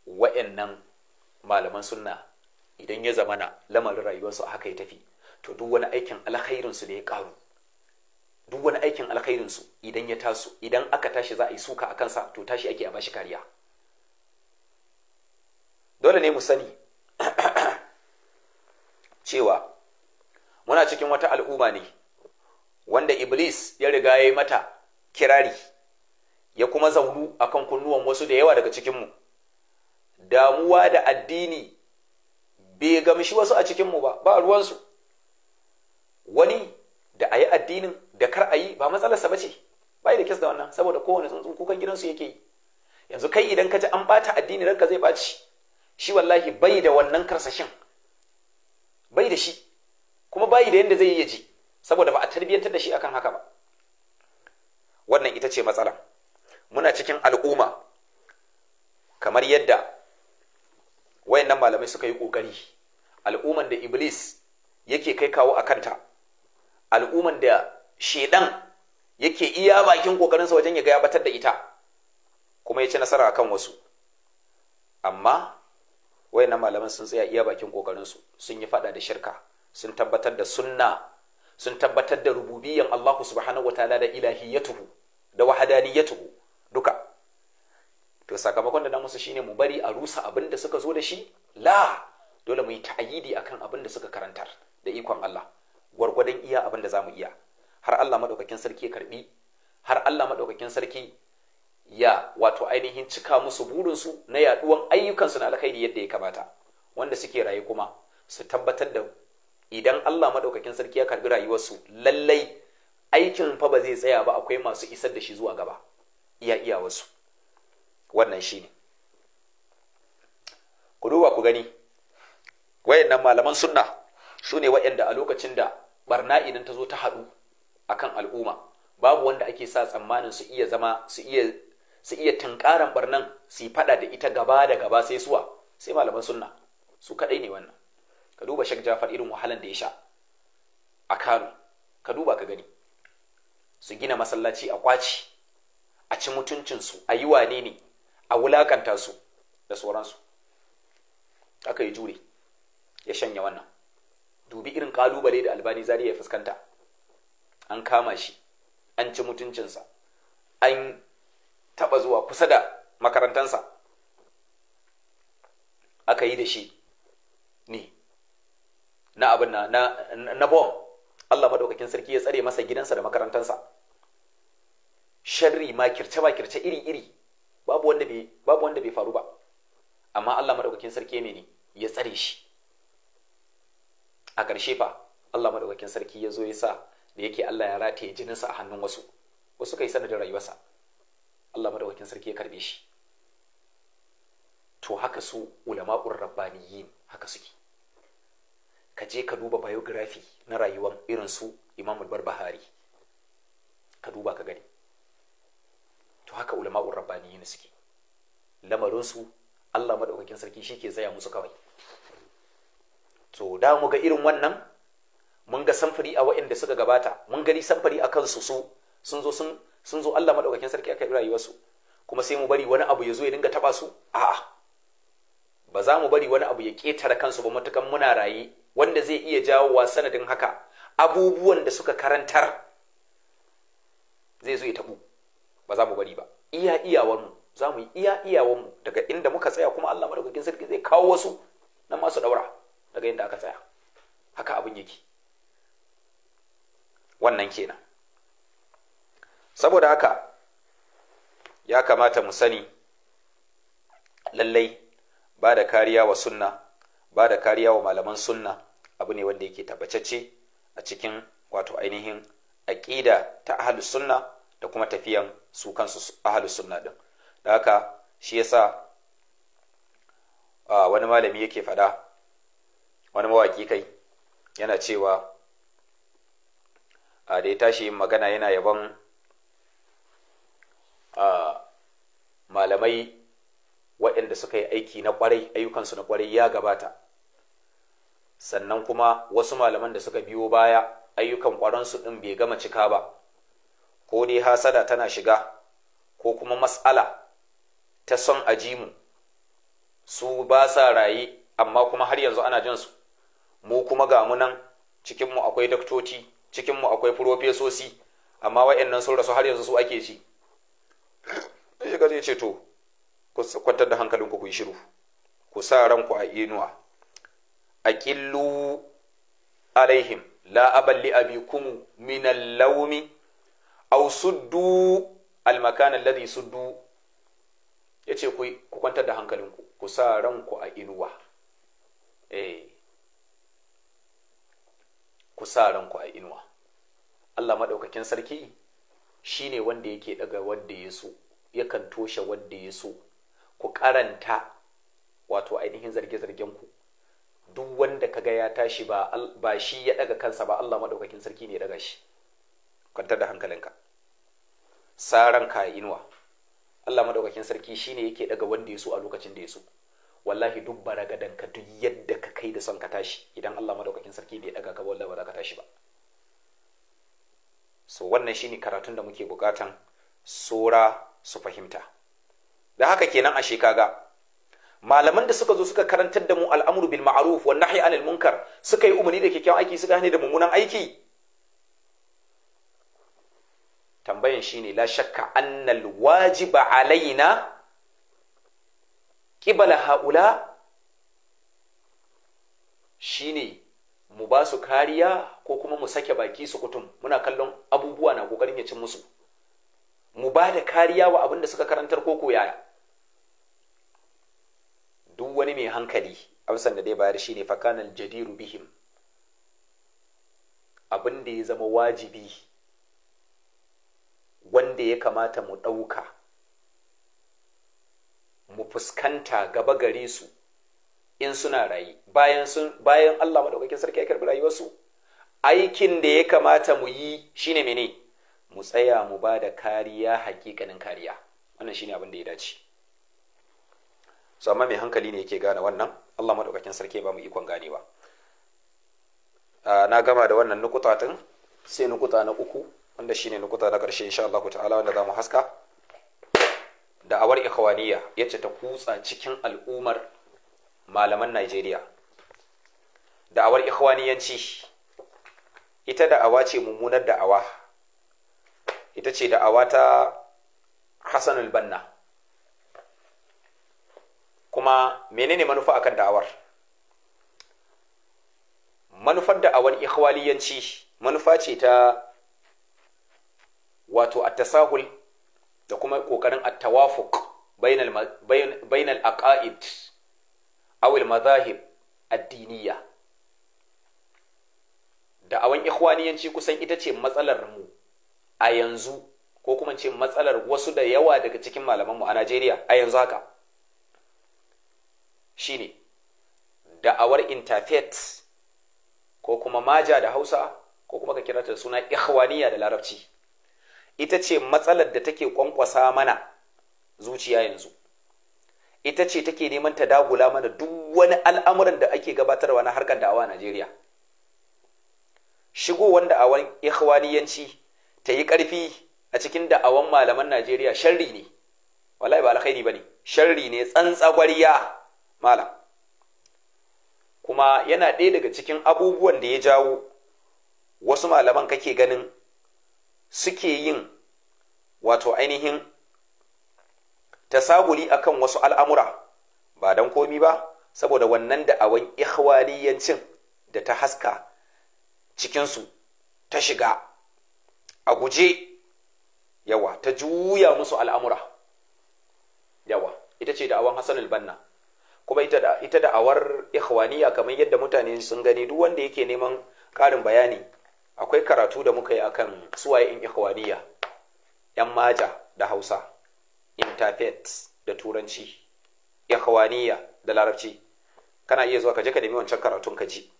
wa'annan malaman sunna idan ya zamana lamarin rayuwarsu a haka ya tafi to duk wani aikin alkhairinsu da ya ƙaru duk wani aikin alkhairinsu idan ya taso idan aka tashi za a yi suka a kansa to tashi ake a bashi kariya dole ne mu sani cewa muna cikin wata al'umma ne wanda iblis ya riga ya yi mata kirari ya kuma zaunu kan kunnuwan wasu da yawa daga cikinmu damuwa da addini bai gamshi wasu a cikinmu ba ba ruwansu wani da a yi addinin da kar a yi ba matsalarsa ba ce ba da kis da wannan saboda kowane tsuntsun kukan gidansu yake yi yanzu kai idan ka ji an bata addini ranka zai ɓaci shi wallahi bai da wannan karsashin bai da shi kuma bayi da yadda zai iya ji saboda ba a tarbiyyantar da shi akan haka ba wannan ita ce matsala muna cikin al'umma kamar yadda wayannan malamai suka yi kokari al'umman da iblis yake kai kawo a kanta al'umman da shedan yake iya bakin kokarinsa wajen ya ga ya batar da ita kuma ya ci nasara akan wasu amma na malaman sun tsaya iya bakin kokarin su sun yi fada da shirka sun tabbatar da sunna sun tabbatar da rububiyyan Allah subhanahu wataala da ilahiyatuhu da tuhu duka to sakamakon da na musu shine mu bari a rusa abin da suka zo da shi la dole mu yi ta'ayidi akan abin da suka karantar da ikon Allah gwargwadon iya abin da zamu iya har Allah madaukakin sarki ya karbi har Allah madaukakin sarki ya wato ainihin cika musu burinsu na yaduwan ayyukansu na alkhairi yadda ya kamata wanda suke rayu kuma su tabbatar da idan Allah madaukakin sarki ya karbi rayuwarsu lallai aikin fa ba zai tsaya ba akwai masu isar da shi zuwa gaba iya iya wasu wannan ne. ku duba ku gani wayannan malaman sunna su ne wayanda a lokacin da barna idan ta zo ta haɗu akan al'umma babu wanda ake sa tsammanin su iya zama su iya su iya tunkaran ɓarnan su yi fada da ita gaba da gaba sai suwa sai malaman sunna su kadai ne wannan ka duba shak jafar irin wahalan da ya sha a kano ka duba ka gani su gina masallaci a kwaci a ci mutuncinsu a yi wane ne a wulakanta su da sauransu aka yi jure ya shanya wannan dubi irin kalubale da albani zari ya fuskanta an kama shi an ci mutuncinsa an taɓa zuwa kusa da makarantansa aka yi da shi ne na abin na na bom Allah maɗaukakin sarki ya tsare masa gidansa da makarantansa sharri makirce makirce iri iri babu wanda bai faru ba amma Allah maɗaukakin sarki ya ne ya tsare shi a ƙarshe fa Allah maɗaukakin sarki ya zo ya sa da yake Allah ya rataye jininsa a hannun wasu wasu kai sanadin rayuwarsa Allah madawakin sarki ya karbe shi to haka su ulama'ur rabbaniyin haka suke ka je ka duba biography na rayuwar irin su Imam Al-Barbahari ka duba ka gani to haka ulama'ur rabbaniyin suke lamarin su Allah madawakin sarki shi ke zaya musu kawai to da mu ga irin wannan mun ga samfari a waɗanda suka gabata mun gani samfari a kansu su sun zo sun sun zo Allah madaukakin sarki aka yi rayuwarsu kuma sai mu bari wani abu ya zo ya dinga taba su a'a ba za mu bari wani abu ya ketare kansu ba matukan muna raye wanda zai iya jawo wa sanadin haka abubuwan da suka karantar zai zo ya tabu ba za mu bari ba iya mu za mu yi iya mu daga inda muka tsaya kuma Allah madaukakin sarki zai kawo wasu na masu daura daga inda aka tsaya haka abin yake wannan kenan saboda haka ya kamata mu sani lallai ba da kariya wa sunna ba da kariya wa malaman sunna abu ne wanda yake tabbacacce a cikin wato ainihin aƙida ta ahalus sunna da kuma tafiyan su kansu ahalus sunna din da haka shi yasa ah, wani malami yake fada wani mawaƙi kai yana cewa ah, da ya tashi magana yana yaban. malamai waɗanda suka yi aiki na ƙwarai, ayyukansu na ƙwarai ya gabata sannan kuma wasu malaman da suka biyo baya ayyukan ƙwaransu ɗin bai gama cika ba ko dai hasada tana shiga ko kuma matsala ta son ajimu su ba sa raye amma kuma har yanzu ana jin su mu kuma ga mu nan cikinmu akwai daktoci cikinmu akwai furofesosi amma waɗannan sun rasu har yanzu su ake ci zai gari ya ce to ku kwantar da hankalinku ku yi shiru ku sa ranku a inuwa a ƙillu alaihim la aballi abi kumu minan lawmi aw suddu al alladhi suddu yace ce ku kwantar da hankalinku ku sa ranku a inuwa eh ku sa ranku a inuwa Allah maɗaukakin sarki Shi ne wanda yake daga wanda ya so yakan toshe wanda ya so ku karanta wato ainihin zarge-zargen ku duk wanda kaga ya tashi ba ba shi ya daga kansa ba Allah madaukakin sarki ne daga shi kwantar da hankalinka saran ka inuwa Allah madaukakin sarki shine yake daga wanda ya so a lokacin da ya so wallahi duk baragadanka duk yadda ka kai da son ka tashi idan Allah madaukakin sarki bai daga ka wallahi ba za ka tashi ba so wannan shine karatun da muke bukatan sora su fahimta da haka kenan a shekaga malaman da suka zo suka karantar da mu al'amuru bil ma'ruf wa nahyi anil munkar suka yi umarni da kyakkyawan aiki suka hane da mummunan aiki tambayan shine la shakka annal wajiba alaina qibala haula shine mu ba su kariya ko kuma mu sake baki su kutum muna kallon abubuwa na kokarin ya cin musu mu ba da kariya wa abin da suka karantar koko yaya duk wani mai hankali amsan da dai bayar shi ne fakanan jadiru bihim abin da ya zama wajibi wanda ya kamata mu ɗauka mu fuskanta gaba gare su in suna rayu bayan sun bayan Allah madaukakin sarki ya karbi rayuwarsu aikin da ya kamata mu yi shine mene mu tsaya mu ba da kariya hakikanin kariya wannan shine abin da ya dace so amma mai hankali ne yake gane wannan Allah madaukakin sarki ba mu ikon ganewa na gama da wannan nukuta din sai nukuta na uku wanda shine nukuta na karshe insha Allah ta'ala wanda zamu haska da'awar ikhwaniya yace ta kutsa cikin al'umar malaman Najeriya da'awar ikhwaniyanci ita da'awa ce mummunar da'awa ita ce da'awa ta Hassan banna kuma menene manufa akan da'awar manufar da'awar ikhwaliyanci manufa ce ta wato at-tasahul da kuma ƙoƙarin Attawafuk tawafuk bainal bainal aqaid awil mazahib addiniya da awan ikhwaniyanci kusan ita ce matsalar mu a yanzu ko kuma ce matsalar wasu da yawa daga cikin malamanmu a Najeriya a yanzu haka shine da'awar interfaith ko kuma maja da Hausa ko kuma ka kira ta suna ikhwaniya da Larabci ita ce matsalar da take kwankwasa mana zuciya yanzu ita ce take neman ta dagula mana duk wani al'amuran da ake gabatarwa na harkar da'awa a Najeriya shigowar da'awan ikhwaniyanci ta yi ƙarfi a cikin da'awan malaman Najeriya sharri ne wallahi ba alkhairi bane sharri ne tsantsagwariya malam kuma yana ɗaya daga cikin abubuwan da ya jawo wasu malaman kake ganin suke yin wato ainihin Ta a akan wasu al'amura ba don komi ba saboda wannan da'awan ikhwaliyancin da ta haska cikinsu ta shiga a guje yawa ta juya musu al'amura yawa ita ce da'awan hassan albanna kuma ita da'awar ikhwaniya kamar yadda mutane sun gani duk wanda yake neman ƙarin bayani akwai karatu da muka yi akan suwaye in ikhwaniya yan maja da hausa interfaith da turanci yakhawaniya da larabci kana iya zuwa ka je ka nemi wancan karatun ka ji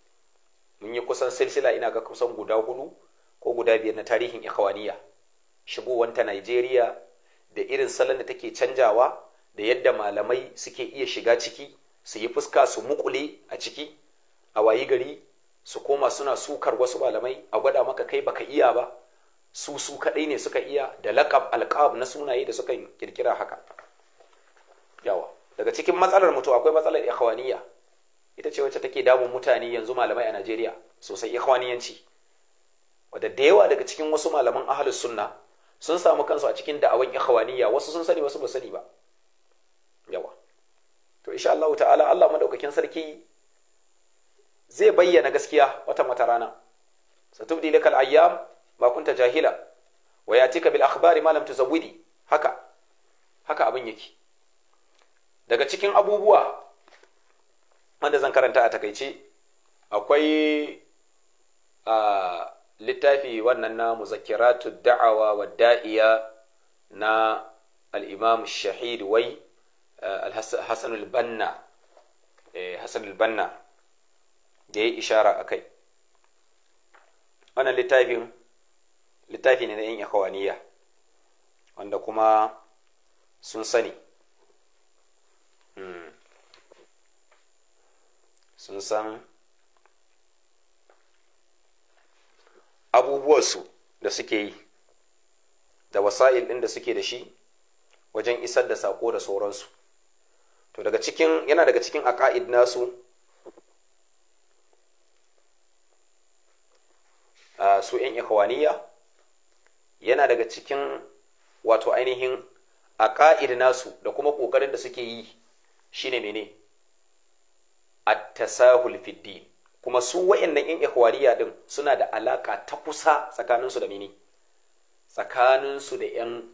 mun yi kusan silsila ina ga kusan guda hudu ko guda biyar na tarihin ikhwaniya ta Najeriya da irin salon da take canjawa da yadda malamai suke iya shiga ciki su yi fuska su mukule a ciki a wayi gari su koma suna sukar wasu malamai a gwada maka kai baka iya ba su su kaɗai ne suka iya da laƙab alƙab na sunaye da suka ƙirƙira haka yawa daga cikin matsalar mutu akwai matsalar ikhwaniya ita ce wacce take damun mutane yanzu malamai a Najeriya sosai ikhwaniyanci wadda da yawa daga cikin wasu malaman ahlus sunna sun samu kansu a cikin da'awan ikhwaniya wasu sun sani wasu ba sani ba yawa to insha Allah ta'ala Allah madaukakin sarki zai bayyana gaskiya wata mata rana satubdi lakal ayyam ma kunta jahila wa yatika bil akhbari ma lam tuzawwidi haka haka abin yake daga cikin abubuwa wanda zan karanta a takaice akwai a littafi wannan na muzakkiratu da'awa wa da'iya na al-imam shahid wai al-hasan al-banna hasan al-banna da ya ishara akai wannan littafin littafi ne na yan ikhwaniya wanda kuma sun sani hmm. sun san abubuwansu da suke yi da wasa'il ɗin da suke da shi wajen isar da saƙo da sauransu to daga cikin yana daga cikin aka'id nasu ah, su 'yan ikhwaniya yana daga cikin wato ainihin a ka'id nasu da kuma ƙoƙarin da suke yi shine mene at-tasahul fid kuma su wayannan in ihwariya din suna da alaka ta kusa tsakaninsu da mene tsakaninsu da yan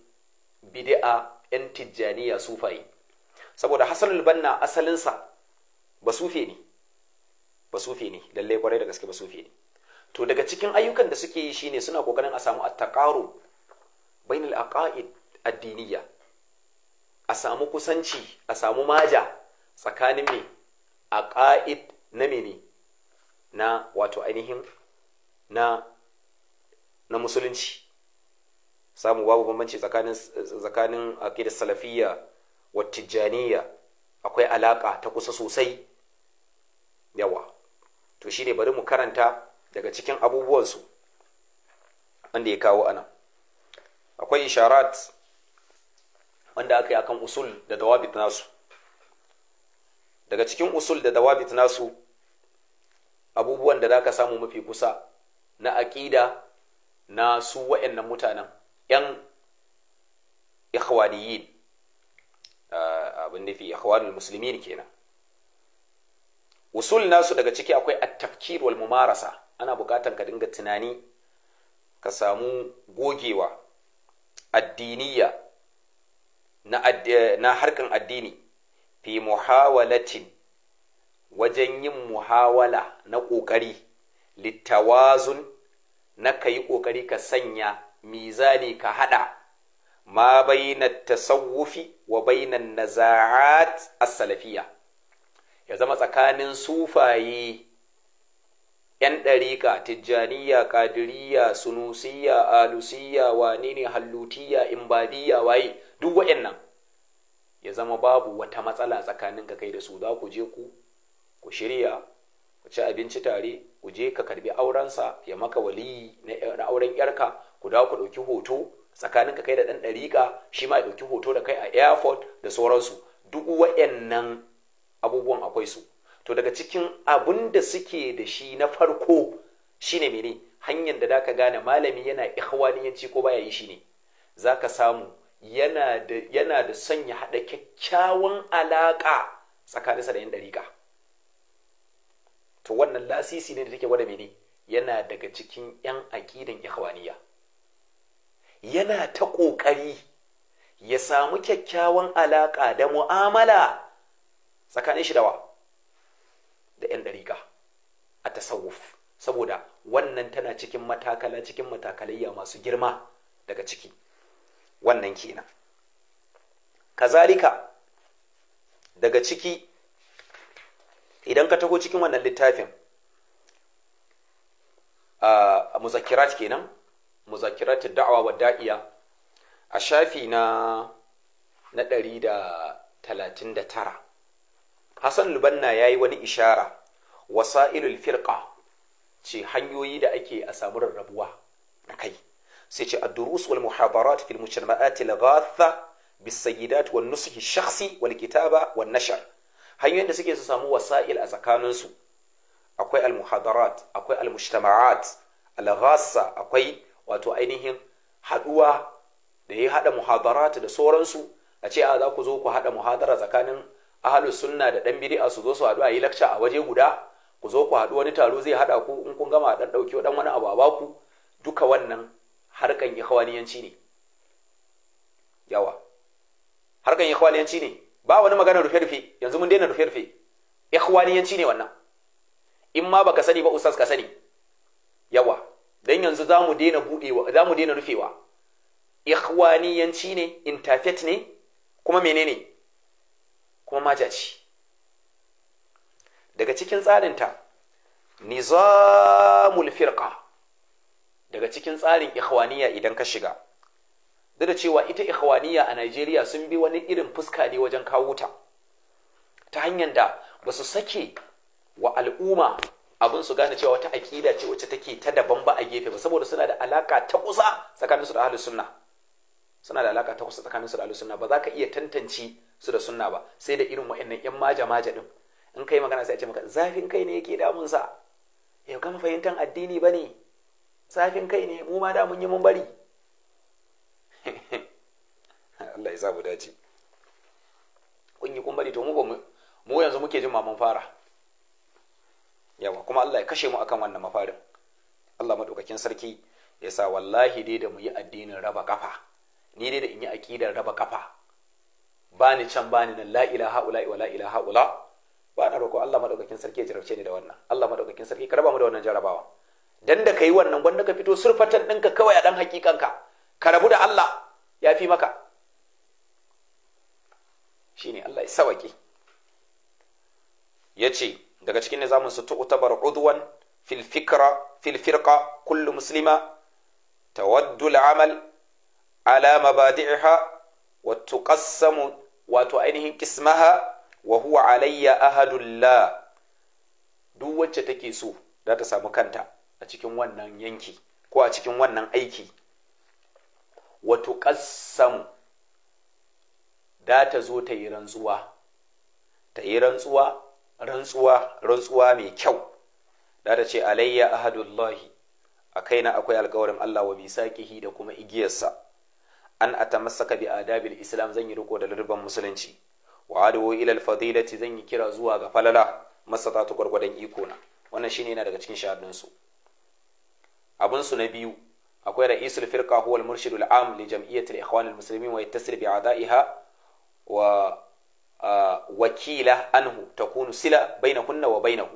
bid'a yan tijjaniya sufaye saboda hasanul banna asalinsa ba sufe ne ba sufe ne lalle kwarai da gaske ba sufe ne to daga cikin ayyukan da suke yi shine suna kokarin a samu attaqaru bainal aqaid addiniya a samu kusanci a samu maja tsakanin me aqaid na mene na wato ainihin na na musulunci samu babu bambanci tsakanin tsakanin aqidar salafiyya wa tijaniyya akwai alaka ta kusa sosai yawa to shine bari mu karanta daga cikin abubuwansu wanda ya kawo ana akwai isharat wanda aka yi akan usul da dawabit nasu daga cikin usul da dawabit nasu abubuwan da za ka samu mafi kusa na aƙida na su wa'annan mutanen 'yan ikhwaniyin abin da nufi ikhwanul muslimin kenan usul nasu daga ciki akwai a tafkir wal mumarasa ana buƙatar ka dinga tunani ka samu gogewa addiniya na harkan addini fi muhawalatin wajen yin muhawala na ƙoƙari littawazun na ka yi ƙoƙari ka sanya mizani ka haɗa ma baina tasawufi wa baina naza'at as-salafiyya ya zama tsakanin sufaye 'yan ɗariƙa tijjaniya ƙadiriya sunusiya alusiya Wanene, ne hallutiya imbadiya waye duk wa'annan ya zama babu wata matsala tsakanin ka kai da su za ku je ku ku shirya ku ci abinci tare ku je ka karbi aurensa ya maka waliyi na auren yarka ku dawo ku ɗauki hoto tsakanin ka kai da ɗan ɗariƙa shi ma ya ɗauki hoto da kai a airport da sauransu duk wa'annan abubuwan akwai su to daga cikin abun da suke da shi na farko shine mene hanyar da zaka gane malami yana ikhwaniyanci ko baya yi shi ne zaka samu yana da son ya haɗa kyakkyawan alaka tsakaninsa da yan dariƙa to wannan lasisi ne da take gwada mene yana daga cikin yan aqidan ikhwaniya yana ta ƙoƙari ya samu kyakkyawan alaƙa da mu'amala tsakanin shi da wa da 'yan ɗariƙa a tasawuf saboda wannan tana cikin matakala cikin matakalayya masu girma daga ciki wannan kenan kazalika daga ciki idan ka taho cikin wannan littafin a muzakirat kenan muzakirat da'awa wa da'iya a shafi na na 139 hassan lubanna ya yi wani ishara wasa'ilul firqa ce hanyoyi da ake a samu rarrabuwa da kai sai ce ad-durus wal muhadarat fil mujtama'at al-ghatha bis sayyidat wan nusuhi shakhsi wal kitaba wan nashr hanyoyin da suke su samu wasa'il a tsakaninsu akwai al-muhadarat akwai al-mujtama'at al-ghassa akwai wato ainihin haduwa da ya hada muhadarat da sauransu a ce a za ku zo ku hada muhadara tsakanin ahalus sunna da dan bid'a su zo su haɗu a yi lakca a waje guda ku zo ku haɗu wani taro zai haɗa ku in kun gama dan ɗauki dan wani abu a baku duka wannan harkan ikhwaniyanci ne yawa harkan ikhwaniyanci ne ba wani magana rufe rufe yanzu mun daina rufe rufe ikhwaniyanci ne wannan in ma baka sani ba ustaz ka sani yawa dan yanzu za mu daina budewa zamu daina rufewa ikhwaniyanci ne interfaith ne kuma menene kuma maja ce daga cikin tsarinta nizamul firqa daga cikin tsarin ikhwaniya idan ka shiga duk da cewa ita ikhwaniya a Najeriya sun bi wani irin fuska ne wajen kawo ta ta hanyar da ba su sake wa al'umma abin su gane cewa wata aƙida ce wacce take ta daban ba a gefe ba saboda suna da alaka ta kusa tsakaninsu da ahlus sunna suna da alaka ta kusa tsakaninsu da ahlus sunna ba za ka iya tantance su da sunna ba sai da irin wa'annan yan maja maja din in kai magana sai a ce maka zafin kai ne yake damun sa yau kama fahimtar addini bane zafin kai ne mu ma da mun yi mun bari Allah ya zabu dace kun yi kun bari to mu ba mu yanzu muke jin mamun fara yawa kuma Allah ya kashe mu akan wannan mafarin Allah madaukakin sarki ya sa wallahi dai da mu yi addinin raba kafa ni dai da in yi aqidar raba kafa bani can bani nan la ilaha ula wa la ilaha ula ba na roƙo Allah madaukakin sarki ya jarabce ni da wannan Allah madaukakin sarki ka raba mu da wannan jarabawa dan da kai wannan gwanda ka fito surfatan ɗinka kawai a dan hakikanka ka rabu da Allah ya fi maka shine Allah ya sawaki yace daga cikin nizamin su tu'tabar udwan fil fikra fil firqa kullu muslima tawaddu al amal ala mabadi'iha وتقسم wato ainihin kismaha wa huwa alayya Ahadulla. duk wacce take so za ta samu kanta a cikin wannan yanki ko a cikin wannan aiki wato ƙassam da ta zo ta yi rantsuwa ta yi rantsuwa rantsuwa rantsuwa mai kyau da ta ce alayya ahadullahi a kaina akwai alkawarin Allah wa bisaqihi da kuma igiyarsa an atamassaka bi adabil islam zan yi riko da lurban musulunci wa adawu ila Fadilati zan yi kira zuwa ga falala masata ta gwargwadon iko na wannan shine yana daga cikin shahadun su abun su na biyu akwai ra'isul firqa huwa al-murshid al-am li jam'iyyati al-ikhwan al-muslimin wa yattasir bi a'da'iha wa wakila anhu takunu sila bainahunna wa bainahu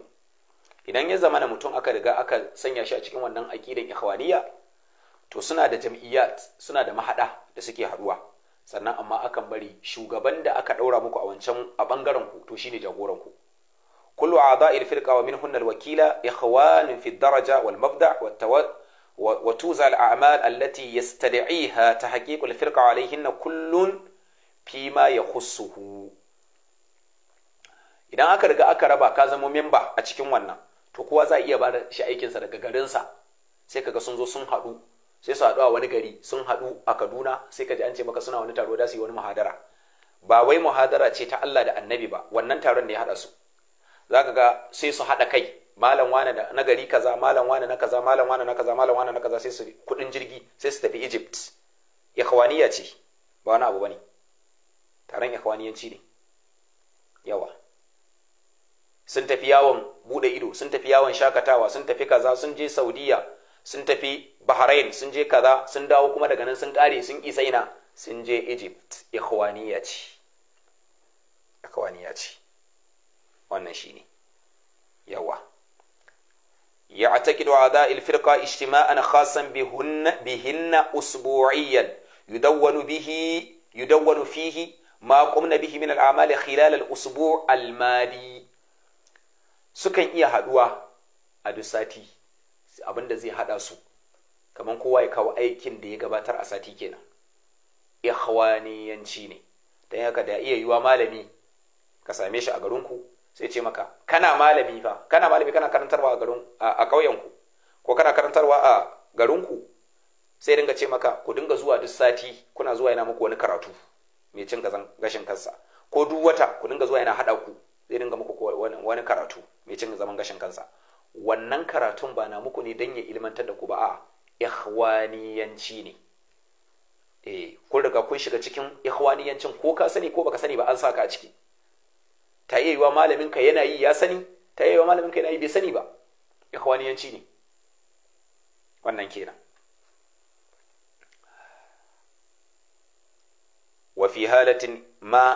idan ya zamana mutum aka riga aka sanya shi a cikin wannan aqidan ikhwaniyya to suna da jam'iyya suna da mahada da suke haduwa sannan amma akan bari shugaban da aka daura muku a wancan a bangaren ku to shine jagoran ku kullu a'dha'il firqa wa minhunna al-wakila ikhwan fi ad-daraja wal mabda' wa tuza al-a'mal allati yastad'iha tahqiq al-firqa 'alayhinna kullun fi ma yakhussuhu idan aka riga aka raba ka zama memba a cikin wannan to kowa za a iya ba shi aikinsa daga garinsa sai kaga sun zo sun haɗu sai su haɗu a wani gari sun haɗu a kaduna sai ka ji an ce maka suna wani taro da su yi wani muhadara ba wai muhadara ce ta Allah da annabi ba wannan taron ne ya haɗa su za ka ga sai su haɗa kai malam wane na gari kaza malam wane na kaza malam wane na kaza malam wane na kaza sai su kuɗin jirgi sai su tafi egypt ikhwaniya ce ba wani abu bane taron ikhwaniyanci ne yawa sun tafi yawon bude ido sun tafi yawon shakatawa sun tafi kaza sun je saudiya sun tafi bahrain sun je kaza sun dawo kuma daga nan sun kare sun isa ina sun je egypt ikhwaniya ce wannan shi ne yawa ya a taƙi da wada ilfirka ishtima'an khasan bihinna usbu'iyyan yudawwanu fihi ma kumna bihi min al'amali khilal al'usbu' almadi sukan iya haduwa a duk sati abinda zai hada su kamar kowa ya kawo aikin da ya gabatar a sati kenan ikhwaniyanci ne don haka da iya yiwa malami ka same shi a garinku sai ce maka kana malami fa kana malami kana karantarwa a garin a ƙauyenku ko kana karantarwa a garinku sai dinga ce maka ku dinga zuwa duk sati kuna zuwa yana muku wani karatu mai cin gashin kansa ko duk wata ku dinga zuwa yana haɗa ku zai dinga muku wani karatu mai cin zaman gashin kansa wannan karatun ba na muku ne don ya ilmantar da ku ba a ikhwaniyanci ne e eh, ko daga kun shiga cikin ikhwaniyancin ko ka sani ko baka sani ba an saka a ciki ta yi wa malaminka yana yi ya sani ta yi wa malaminka yana yi bai sani ba ikhwaniyanci ne wannan kenan wa fi halatin ma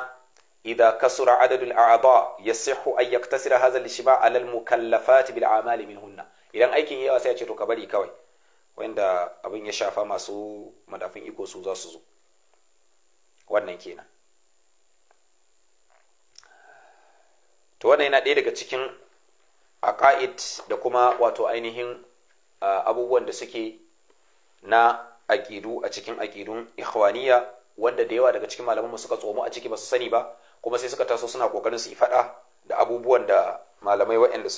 idza kasura adadul a'da yasihu an yaktasira hadha al-shiba' ala al-mukallafat bil a'mal minhunna idan aikin yawa sai ce to ka bari kawai wanda abin ya shafa masu madafin iko su za su zo wannan kenan to wannan yana ɗaya daga cikin aqaid da kuma wato ainihin abubuwan da suke na aƙidu a cikin aƙidun ikhwaniya wanda da yawa daga cikin mu suka tsomo a ciki ba su sani ba kuma sai suka taso suna kokarin su yi faɗa da abubuwan da malamai waɗanda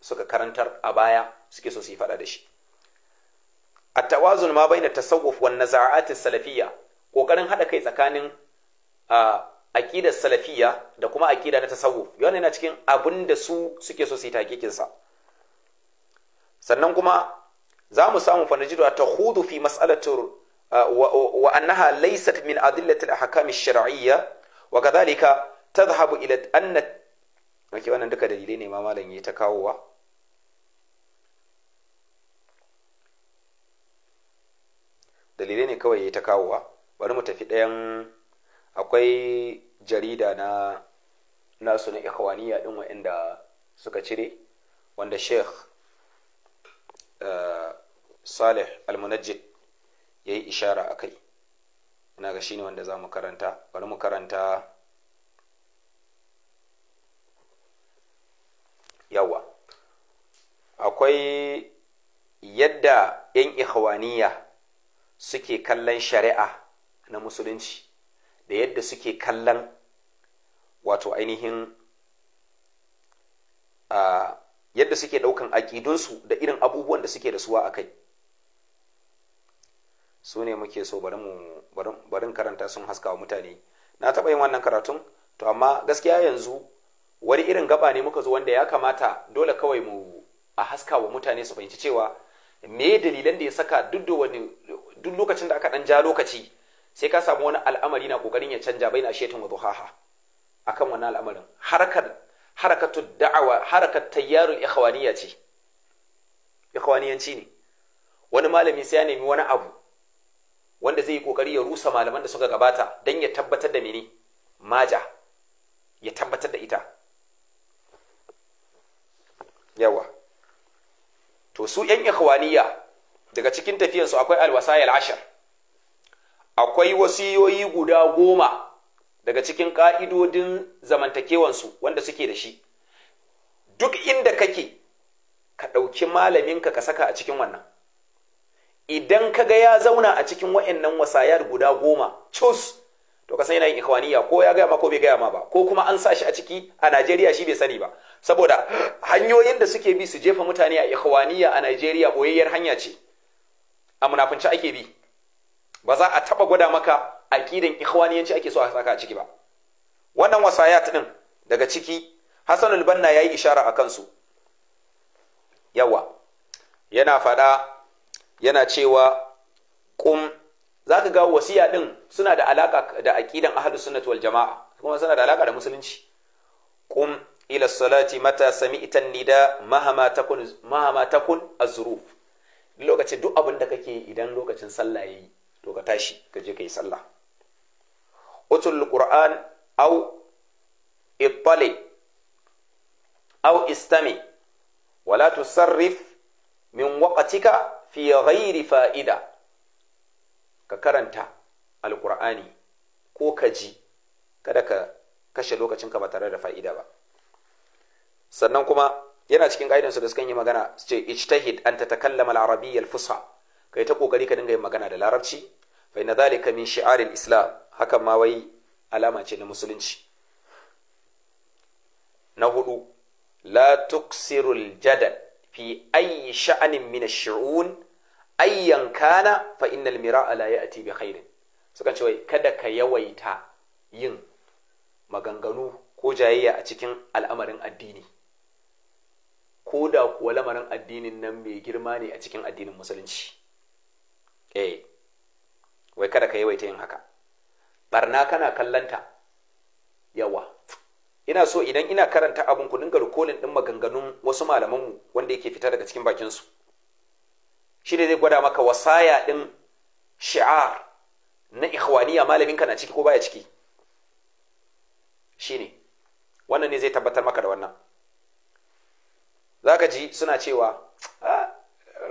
suka karantar a baya suke so su yi faɗa da shi a tawazun ma baina tasawuf wan nazara'at salafiyya kokarin hada kai tsakanin aqidar salafiyya da kuma aƙida na tasawuf yana yana cikin abin da su suke so su yi sa sannan kuma za mu samu fanajidu ta hudu fi mas'alatur wa annaha min adillati al-ahkam ash-shar'iyya wakazalika kadhalika tadhhabu ila anna duka dalilai ne ma malam yayi ta kawowa dalilai ne kawai ya ta kawowa bari mu tafi ɗayan akwai jarida na nasu na ikhwaniya din wa'anda suka cire wanda sheikh eh, salih almunajjid ya yi ishara a kai ina ga shine wanda za mu karanta bari mu karanta yawa akwai yadda 'yan ikhwaniya suke kallon shari'a na musulunci da yadda suke kallon wato ainihin yadda suke ɗaukan aƙidunsu da irin abubuwan da suke da suwa a kai su ne muke so barin karanta sun haskawa mutane na taɓa yin wannan karatun to amma gaskiya yanzu wani irin gaba ne muka zo wanda ya kamata dole kawai mu a haska wa mutane su fahimci cewa me dalilan da ya saka duk da wani duk lokacin da aka dan ja lokaci sai ka samu wani al'amari na kokarin ya canja baina shaitan wa duhaha akan wannan al'amarin harakar harakatu da'awa harakat tayyarul ikhwaniyya ce ikhwaniyanci ne wani malami sai ya nemi wani abu wanda zai yi kokari ya rusa malaman da suka gabata dan ya tabbatar da mene maja ya tabbatar da ita yawa to su yan ikhwaniyya daga cikin tafiyansu akwai alwasayil ashar akwai wasiyoyi guda goma daga cikin ka'idodin zamantakewansu wanda suke da shi duk inda kake ka ɗauki malaminka ka saka a cikin wannan idan ka ga ya zauna a cikin wa'annan wasayar guda goma cus to ka sai yana yin ko ya gaya ma ko bai gaya ma ba ko kuma an sa shi a ciki a Najeriya shi bai sani ba saboda hanyoyin da suke bi su jefa mutane a ikhwaniya a Najeriya boyayyar hanya ce a munafunci ake bi ba za a taba gwada maka aqidan ikhwaniyanci ake so a saka a ciki ba wannan wasayat din daga ciki al Banna yayi ishara a kansu yawa yana fada yana cewa kum zaka ga wasiya din suna da alaka da aqidan ahlus sunnati wal jamaa kuma suna da alaka da musulunci kum ila salati mata sami'tan nida mahama takun mahama takun az lokaci duk abin da kake idan lokacin sallah yayi to ka tashi ka je ka yi sallah utul qur'an au ittali au istami wala tusarrif min waqtika fi ghairi fa'ida ka karanta alqur'ani ko ka ji kada ka kashe lokacinka ba tare da fa'ida ba sannan kuma yana cikin gaidan su da suka yi magana su ce ijtahid an takallama al-arabiyyal fusha kai ta kokari ka dinga yin magana da larabci fa inna dhalika min shi'ar al-islam hakan ma wai alama ce na musulunci na hudu la tuksiru al-jadal fi ayyi sha'anin min ash-shu'un ayyan kana fa innal mira'a la ya'ti bi khairin sukan ce wai kada ka yawaita yin maganganu ko jayayya a cikin al'amarin addini ko da kuwa lamarin addinin nan mai girma ne a cikin addinin musulunci eh wai kada ka yawaita yin haka barna kana kallanta yawa ina so idan ina karanta abin ku dinga rikolin din maganganun wasu malamanmu wanda yake fita daga cikin bakinsu shi ne zai gwada maka wasaya ɗin shi'ar na ikhwaniya malaminka na ciki ko baya ciki Shi ne. wannan ne zai tabbatar maka da wannan za ka ji suna cewa ah,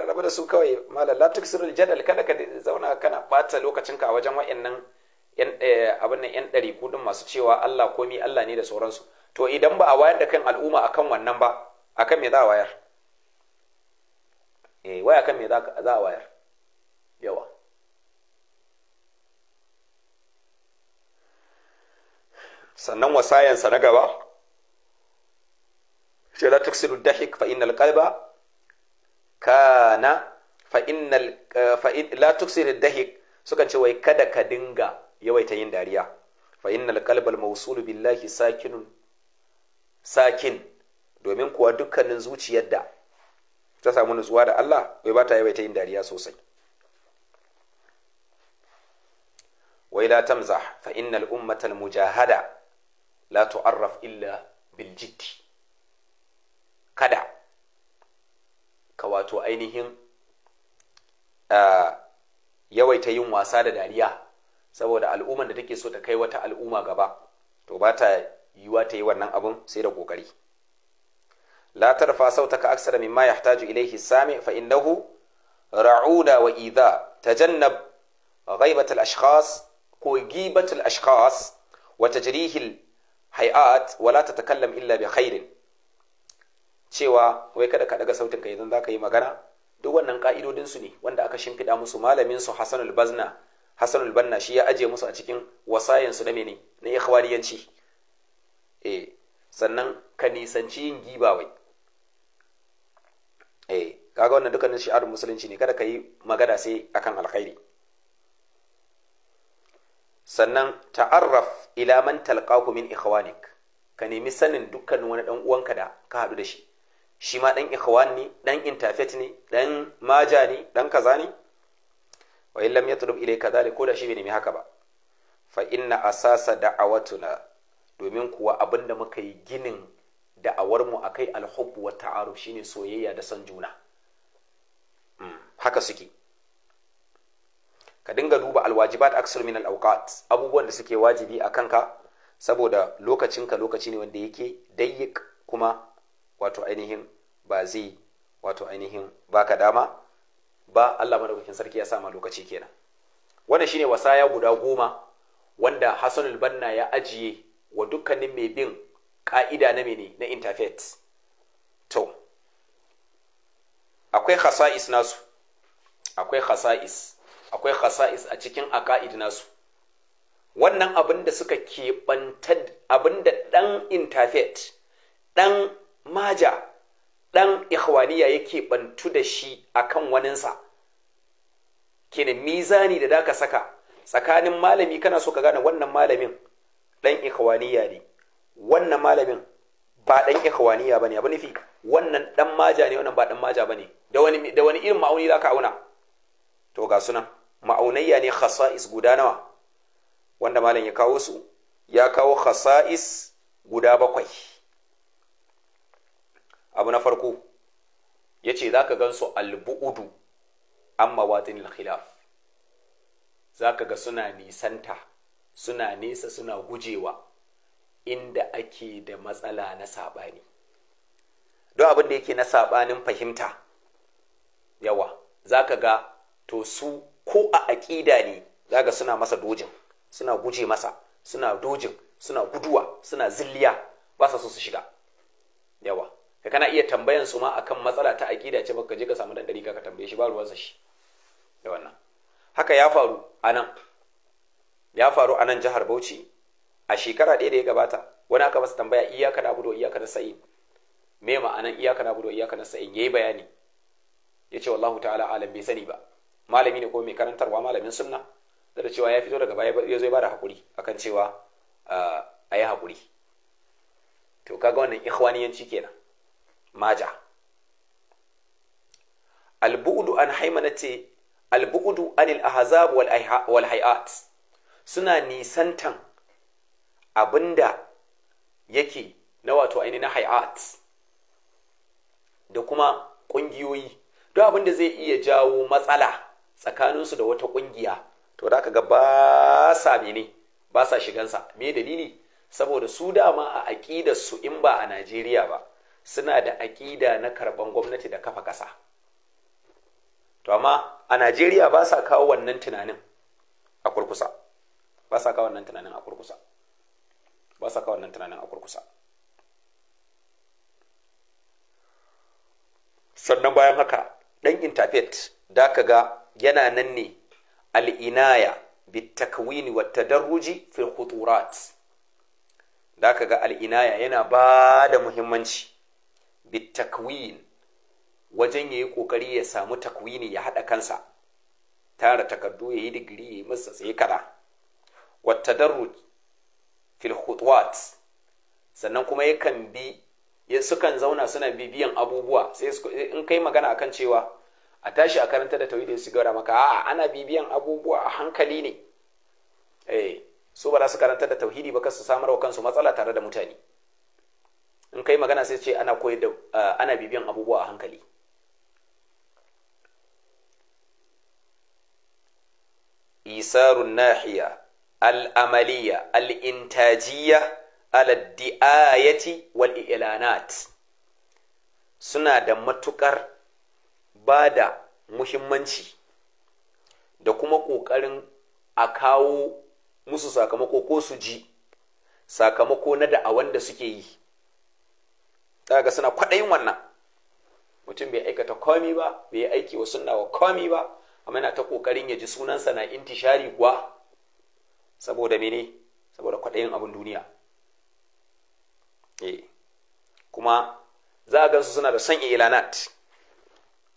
rabu da su kawai malam latuk sirrul jadal kada ka zauna kana bata lokacinka ka wajen wa'annan eh, abin nan yan ɗari kudin masu cewa Allah komi Allah ne da sauransu to idan ba a wayar da kan al'umma akan wannan ba akan me za a wayar eh, kan me za a wayar yawa sannan wasayansa na gaba ce la tuksiru dahik la tuksiru dahik sukan ce wai kada ka dinga yawaita yin dariya fa innal qalba billahi sakin domin kuwa dukkanin zuciyar da ta samu nutsuwa da Allah bai ba ta yawaita yin dariya sosai wai la tamzah fa innal ummatal mujahada la tu'arraf illa biljitti. kada ka wato ainihin yawaita yin wasa da dariya saboda al'ummar da take so ta kai wata al'umma gaba to ba ta yiwa ta yi wannan abun sai da kokari la tarfa sautaka aksara mimma yahtaju ilayhi sami fa innahu ra'una wa idha tajannab ghaibat al-ashkhas ko gibat al-ashkhas wa tajrihil hay'at wa la tatakallam illa bi khairin cewa wai kada ka daga sautin ka idan zaka yi magana duk wannan ka'idodin su ne wanda aka shimfida musu malamin su Hasanul Bazna Hasanul Banna shi ya aje musu a cikin wasayin su na mene na ikhwaniyanci eh sannan ka nisanci yin giba wai eh kaga wannan dukkanin shi'ar musulunci ne kada ka yi magana sai akan alkhairi sannan ta'arraf ila man talqahu min ikhwanik ka nemi sanin dukkan wani dan uwanka da ka haɗu da shi shi ma ɗan ikhwan ne ɗan intafet ne ɗan maja ne ɗan kaza ne wa in lam yatlub kaza ne ko da shi bai nemi haka ba fa inna asasa da'awatuna domin kuwa abin da muka yi ginin da'awar mu akai alhubb wa ta'aruf shine soyayya da son juna mm, haka suke ka dinga duba alwajibat aksar min alawqat abubuwan da suke wajibi a kanka saboda lokacinka lokaci ne wanda yake dayyik kuma wato ainihin ba zai wato ainihin baka dama ba Allah madaukakin sarki ya sa ma lokaci kenan wannan shine wasaya guda goma wanda Hassanul Banna ya ajiye wa dukkanin mai bin ka'ida na mene na interfaith to akwai khasa'is nasu akwai khasa'is akwai khasa'is a cikin aka'id nasu wannan abin da suka keɓantar abin da ɗan interfaith ɗan maja ɗan ikhwaniya yake bantu da shi a kan waninsa kenan mizani da daka saka tsakanin malami kana so ka gane wannan malamin ɗan ikhwaniya ne wannan malamin ba ɗan ikhwaniya ne, abu nufi wannan ɗan maja ne wannan ba ɗan maja ba ne. da wani irin ma'auni za ka auna to ga sunan ma'aunayya ne khasa'is guda nawa wanda malam ya kawo su ya kawo khasa'is guda bakwai abu na farko ya ce za ka gan su albu'udu an mawatin khilaf za ka ga suna nisanta suna nesa suna gujewa inda ake da matsala na saɓani don abin da yake na saɓanin fahimta yawa za ka ga to su ko a aƙida ne za ga suna masa dojin suna guje masa suna dojin suna guduwa suna zilliya ba sa so su shiga yawa ka kana iya tambayan su ma akan matsala ta aqida ce baka je ka samu dandari ka tambaye shi ba ruwansa shi da wannan haka ya faru anan ya faru anan jihar Bauchi a shekara ɗaya da ya gabata wani aka masa tambaya iyaka na budo iyaka na sa'in me ma'anan iyaka na budo iyaka na sa'in yayi bayani ya ce wallahu ta'ala alam bai sani ba malami ne ko mai karantarwa malamin sunna da cewa ya fito daga baya ya zo ya bada hakuri akan cewa ah, a yi hakuri to kaga wannan ikhwaniyanci kenan maja albu'udu an haimanati albu'udu anil ahzab walhai'at suna nisantan abinda yake na wato ainihin na art da kuma ƙungiyoyi duk abinda zai iya jawo matsala tsakaninsu da wata ƙungiya to da ka ga ba sa ba sa shigansa me dalili saboda su dama a aƙidarsu in ba a Najeriya ba suna da aƙida na karɓan gwamnati da kafa ƙasa to amma a najeriya ba sa kawo wannan tunanin a kurkusa ba sa kawo wannan tunanin a kurkusa ba sa kawo wannan tunanin a kurkusa sannan bayan haka ɗan intafet da ka ga yana nan ne al'inaya bitakwini wa tadarruji fil khuturat da ka ga al'inaya yana ba da muhimmanci bitakwin wajen ya yi ƙoƙari ya samu takwini ya haɗa kansa tara takardu ya yi digiri ya yi masa tsaye kara wata daru filhutwat sannan kuma yakan bi ya sukan zauna suna bibiyan abubuwa sai in kai magana akan cewa a tashi a karanta da tauhidi su gara maka a'a ana bibiyan abubuwa a hankali ne eh su ba za su karanta da tauhidi ba su samar wa kansu matsala tare da mutane in kai magana sai ce ana koyar da eh, ana bibiyan abubuwa a hankali isarun nahiya al'amaliya al'intajiya al'addi'ayati wal ilanat suna da matukar ba da muhimmanci da kuma ƙoƙarin a kawo musu sakamako ko su ji sakamako na da'awan da suke yi ga suna kwaɗayin wannan mutum bai aikata komi ba bai yi aiki wa suna wa komi ba amma yana ta ƙoƙarin ya ji sunansa na intishari kuwa saboda mene saboda kwaɗayin abin duniya e. kuma za a gansu suna da son ilanat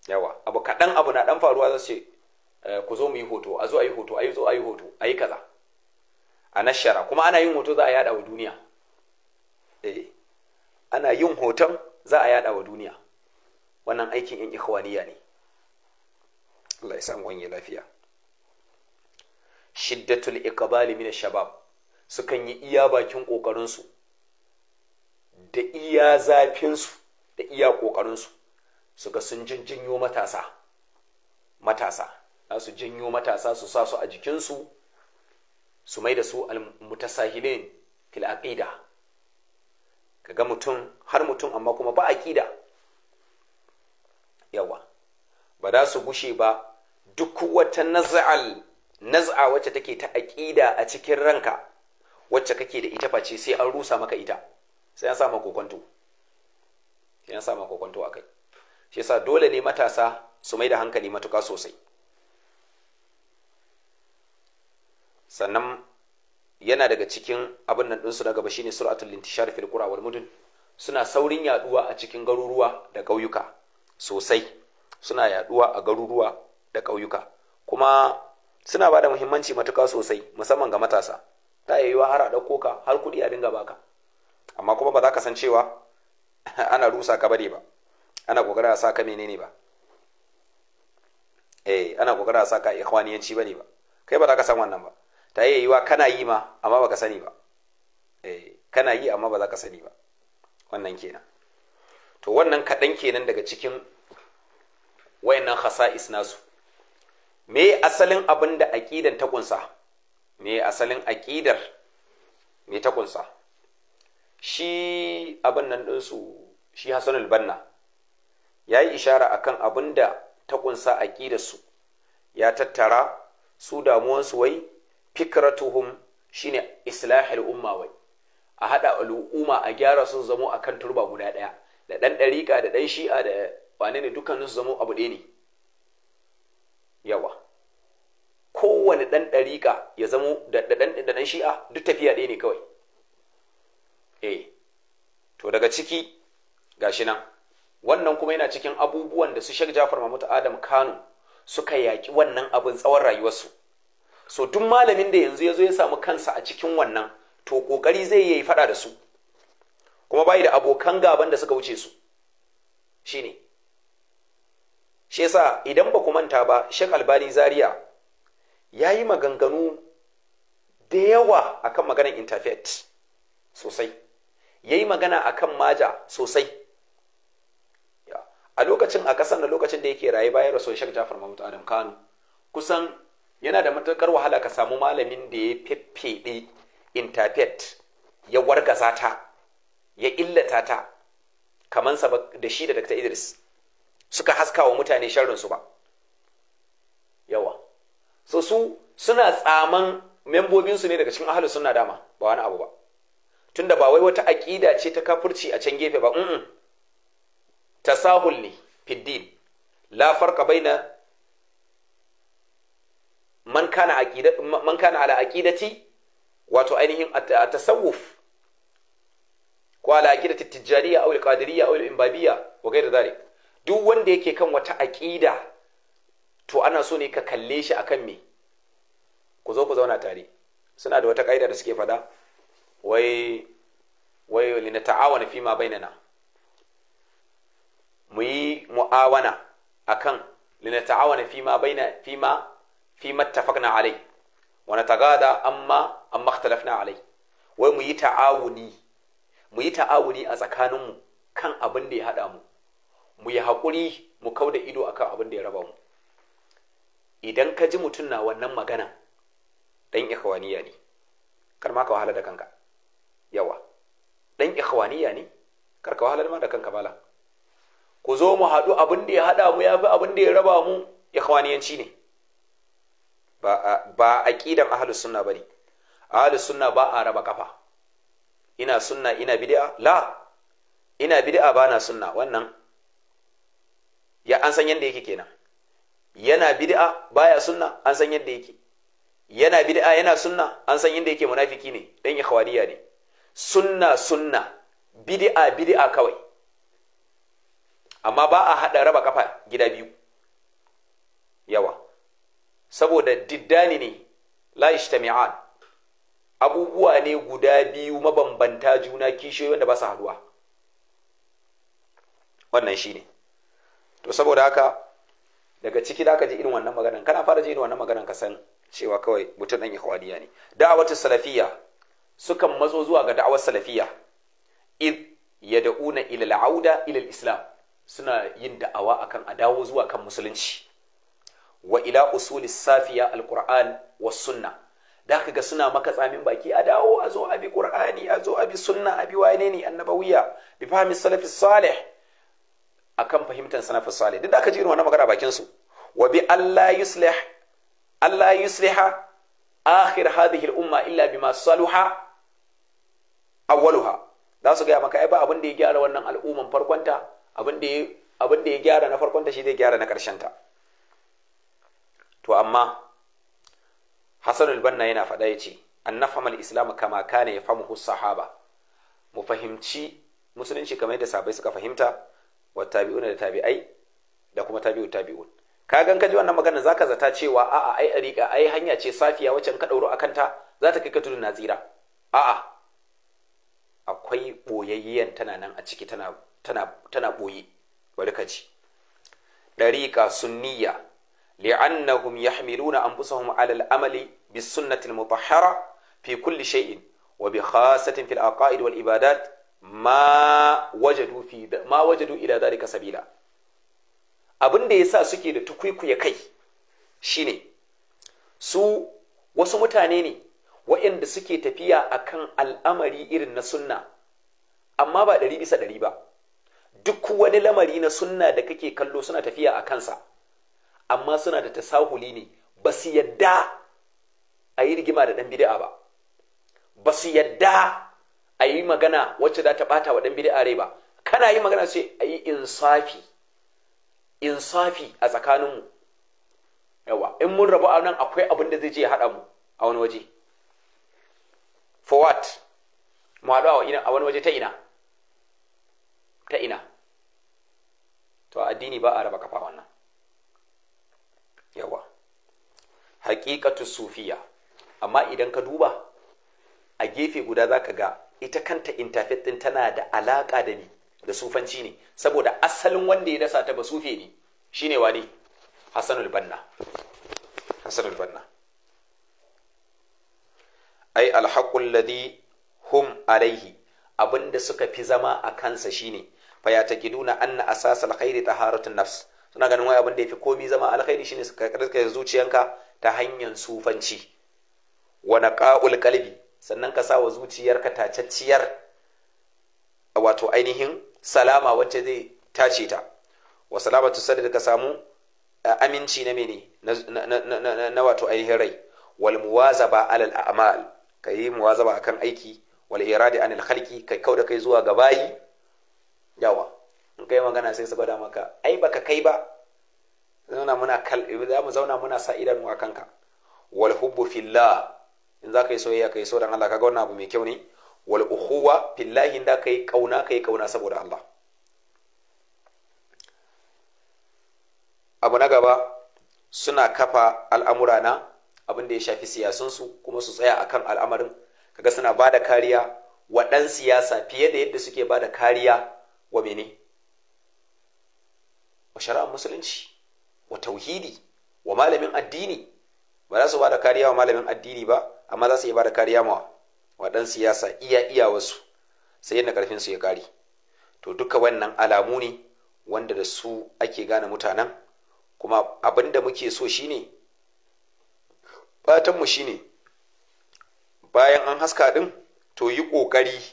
yawa abu kaɗan abu na ɗan faruwa za su ce eh, ku zo mu yi hoto a zo a yi hoto a yi zo a yi hoto a yi kaza a nashara kuma ana yin hoto za a yada wa duniya eh. ana yin hoton za a yada wa duniya wannan aikin yan ikhwaniya ne Allah ya san wanye lafiya shiddatul iqbali min shabab sukan yi iya bakin kokarin su da iya zafin su da iya kokarin su suka sun jinjinyo matasa matasa za su jinyo matasa su sa su a jikinsu su mai da su al-mutasahilin fil aqida Ka ga mutum har mutum amma kuma ba a kida yawa ba za su gushe ba duk wata naz'al naz'a wacce take ta aƙida a cikin ranka wacce kake da ita face sai an rusa maka ita sai an sa maka kokonto sai an sa maka kokonto akai shi yasa dole ne matasa su mai da hankali matuka sosai sannan yana daga cikin abin nan ɗinsu na gaba shine sur'atul lintishar fil qura wal mudun suna saurin yaduwa a cikin garuruwa da ƙauyuka sosai suna yaduwa a garuruwa da ƙauyuka kuma suna bada muhimmanci matuka sosai musamman ga matasa ta yiwuwa har a ɗauko ka har kuɗi a dinga baka amma kuma ba za ka san cewa ana rusa ka bane ba ana kokarin a sa ka menene ba eh ana kokarin a sa ka ikhwaniyanci bane ba kai ba za ka san wannan ba ta yi yiwa kana yi ma amma baka sani ba eh, kana yi amma ba za ka sani ba wannan kenan to wannan kaɗan kenan daga cikin wayannan khasa'is nasu me asalin abin da aqidan ta kunsa me asalin aqidar me ta kunsa shi abin nan ɗinsu shi Hassanul Banna ya yi ishara akan abin da ta kunsa aqidarsu ya tattara su damuwansu wai fikratuhum shine islahil umma wai a hada al'umma a gyara sun zamo akan turba guda daya da dan dariqa da dan shi'a da wane ne dukkanin su zamo abu ɗaya ne yawa kowane dan dariqa ya zamo da dan da dan shi'a duk tafiya ɗaya ne kawai eh to daga ciki gashi nan wannan kuma yana cikin abubuwan da su Sheikh Jafar Mahmud Adam Kano suka yaki wannan abin tsawon rayuwarsu so tun malamin da yanzu ya zo ya samu kansa a cikin wannan to kokari zai yi faɗa da su kuma bai da abokan gaban da suka wuce su shine shi yasa idan ba ku manta ba Sheikh Albani Zaria yayi maganganu da yawa akan maganar interfaith sosai yayi magana akan maja sosai a lokacin a kasan da lokacin da yake raye bayan rasuwar Sheikh Jafar Mahmud Adam Kano kusan yana da matukar wahala ka samu malamin da ya feffeɗe intafet ya wargaza ta ya illata ta kamar sa da shi da Dr. Idris suka haska wa mutane sharrinsu su ba yawa so su suna tsaman membobinsu ne daga cikin ahalu suna dama ba wani abu ba tunda ba wai wata aƙida ce ta kafirci a can gefe ba ta tasahul ne fiddin la bai na. man kana aqida man ala aqidati wato ainihin at-tasawuf ko ala aqidati tijariya aw al-qadiriyya aw al-imbabiyya wa ghayr dhalik duk wanda yake kan wata aqida to ana so ne ka kalle shi akan me ku zo ku zauna tare suna da wata kaida da suke fada wai wai linata'awana fi ma bainana mu yi mu'awana akan linata'awana fi ma na fi ma fi mattafaqna alai wa natagada amma an makhtalafna alai wai mu yi ta'awuni mu yi ta'awuni a tsakaninmu kan abin da ya haɗa mu mu yi haƙuri mu kau da ido akan abin da ya raba mu idan ka ji mutum na wannan magana ɗan ikhwaniya ne kar ma ka wahala da kanka yawa ɗan ikhwaniya ne kar ka wahala da kanka malam ku zo mu haɗu abin da ya haɗa mu ya fi abin da ya raba mu ikhwaniyanci ne ba aqidan ahlus sunna ne ahalus sunna ba a raba kafa ina sunna ina bid'a la ina bid'a bana sunna wannan ya an san yadda yake kenan yana bid'a baya sunna an san yadda yake yana bid'a yana sunna an san yadda yake munafiki ne dan ikhwaniya ne sunna sunna bid'a bid'a kawai amma ba a hada raba kafa gida biyu yawa saboda diddani ne la ishtami'an abubuwa ne guda biyu mabambanta juna kishiyoyi wanda ba su haduwa wannan shi ne. to saboda haka daga ciki da aka ji irin wannan maganan kana fara ji irin wannan maganan ka san cewa kawai mutum ɗan ikhwaniya ne da'awatu salafiyya sukan matso zuwa ga da'awar salafiyya id yad'una ila al-auda ila al-islam suna yin da'awa akan a dawo zuwa kan musulunci wa ila usuli safiya alquran was sunna da ka ga suna maka tsamin baki a dawo a zo abi qur'ani a zo abi sunna abi wane ne annabawiya bi fahmi salafi salih akan fahimtar salafus salih duk da aka ji irin wannan magana bakin su wa bi Allah yuslih alla yusliha akhir hadhihi al umma illa bima saluha awwaluha za su gaya maka ai ba abin da ya gyara wannan al'umman farkonta abin da ya gyara na farkonta shi zai gyara na ƙarshenta to amma hasanul banna yana faɗa ya ce an nafhamal islam kama kana ya famu sahaba mu fahimci musulunci kamar yadda sabai suka fahimta wa tabi'una da tabi'ai da kuma tabi'u tabi'un ka gan ka ji wannan magana zaka zata cewa a'a ai ariƙa ai hanya ce safiya wacce ka dauro akan ta za ta kai ka tudun nazira a'a akwai boyayyen tana nan a ciki tana tana tana boye bari ka ji dariqa sunniya li'annahum yahmiluna anfusahum 'ala al-amali bis-sunnati al fi kulli shay'in wa bi khasatin fil aqaid wal ibadat ma wajadu fi ma wajadu ila dhalika sabila abinda yasa suke da tukuikuye kai shine su wasu mutane ne waɗanda suke tafiya akan al'amari irin na sunna amma ba ɗari bisa ɗari ba duk wani lamari na sunna da kake kallo suna tafiya a kansa amma suna da tasahuli ne ba su yadda a yi rigima da ɗan bid'a ba ba su yadda a yi magana wacce za ta bata wa ɗan bid'a rai ba kana yi magana sai a yi insafi insafi a tsakaninmu yawa in mun rabu a nan akwai abin da zai je haɗa mu a wani waje for what mu haɗu a wani waje ta ina ta ina to addini ba a raba kafa wannan yawa hakikatu sufiya amma idan ka duba a gefe guda za ka ga ita kanta intafet ɗin tana da alaƙa da ni da sufanci ne saboda asalin wanda ya dasa ta ba sufe ne shine wani hassanul banna hassanul banna ai alhaƙun ladi hum alaihi abinda suka fi zama a kansa shine fayatakiduna anna asasal khairi taharatun nafs suna ganin wai abin da fi komi zama alkhairi shine su karkar zuciyanka ta hanyar sufanci wa naqa'ul qalbi sannan ka sa wa zuciyarka tacacciyar wato ainihin salama wacce zai tace ta wa salamatu sadda ka samu eh, aminci na mene na wato ainihin rai wal muwazaba alal a'mal kayi muwazaba akan aiki wal iradi anil khalqi kai kauda kai zuwa ga bayi yawa in kai magana sai su gwada maka ai baka kai ba zauna muna kal za mu zauna muna sa idan a kanka wal hubbu fillah in za ka yi soyayya ka yi so dan Allah kaga wannan abu mai kyau ne wal ukhuwa fillah inda kai ka kauna ka kauna saboda Allah abu na gaba suna kafa al'amura na abin da ya shafi siyasunsu kuma su tsaya akan al'amarin kaga suna bada kariya wa ɗan siyasa fiye da yadda suke bada kariya wa mene wa shari'ar musulunci wa tauhidi wa malamin addini ba za su ba da kariya wa malamin addini ba amma za su iya ba da kariya ma wa ɗan siyasa iya iya wasu sai yadda ƙarfinsu ya ƙari to duka wannan alamu ne wanda da su ake gane mutanen kuma abin da muke so shine shi shine bayan an haska ɗin to yi ƙoƙari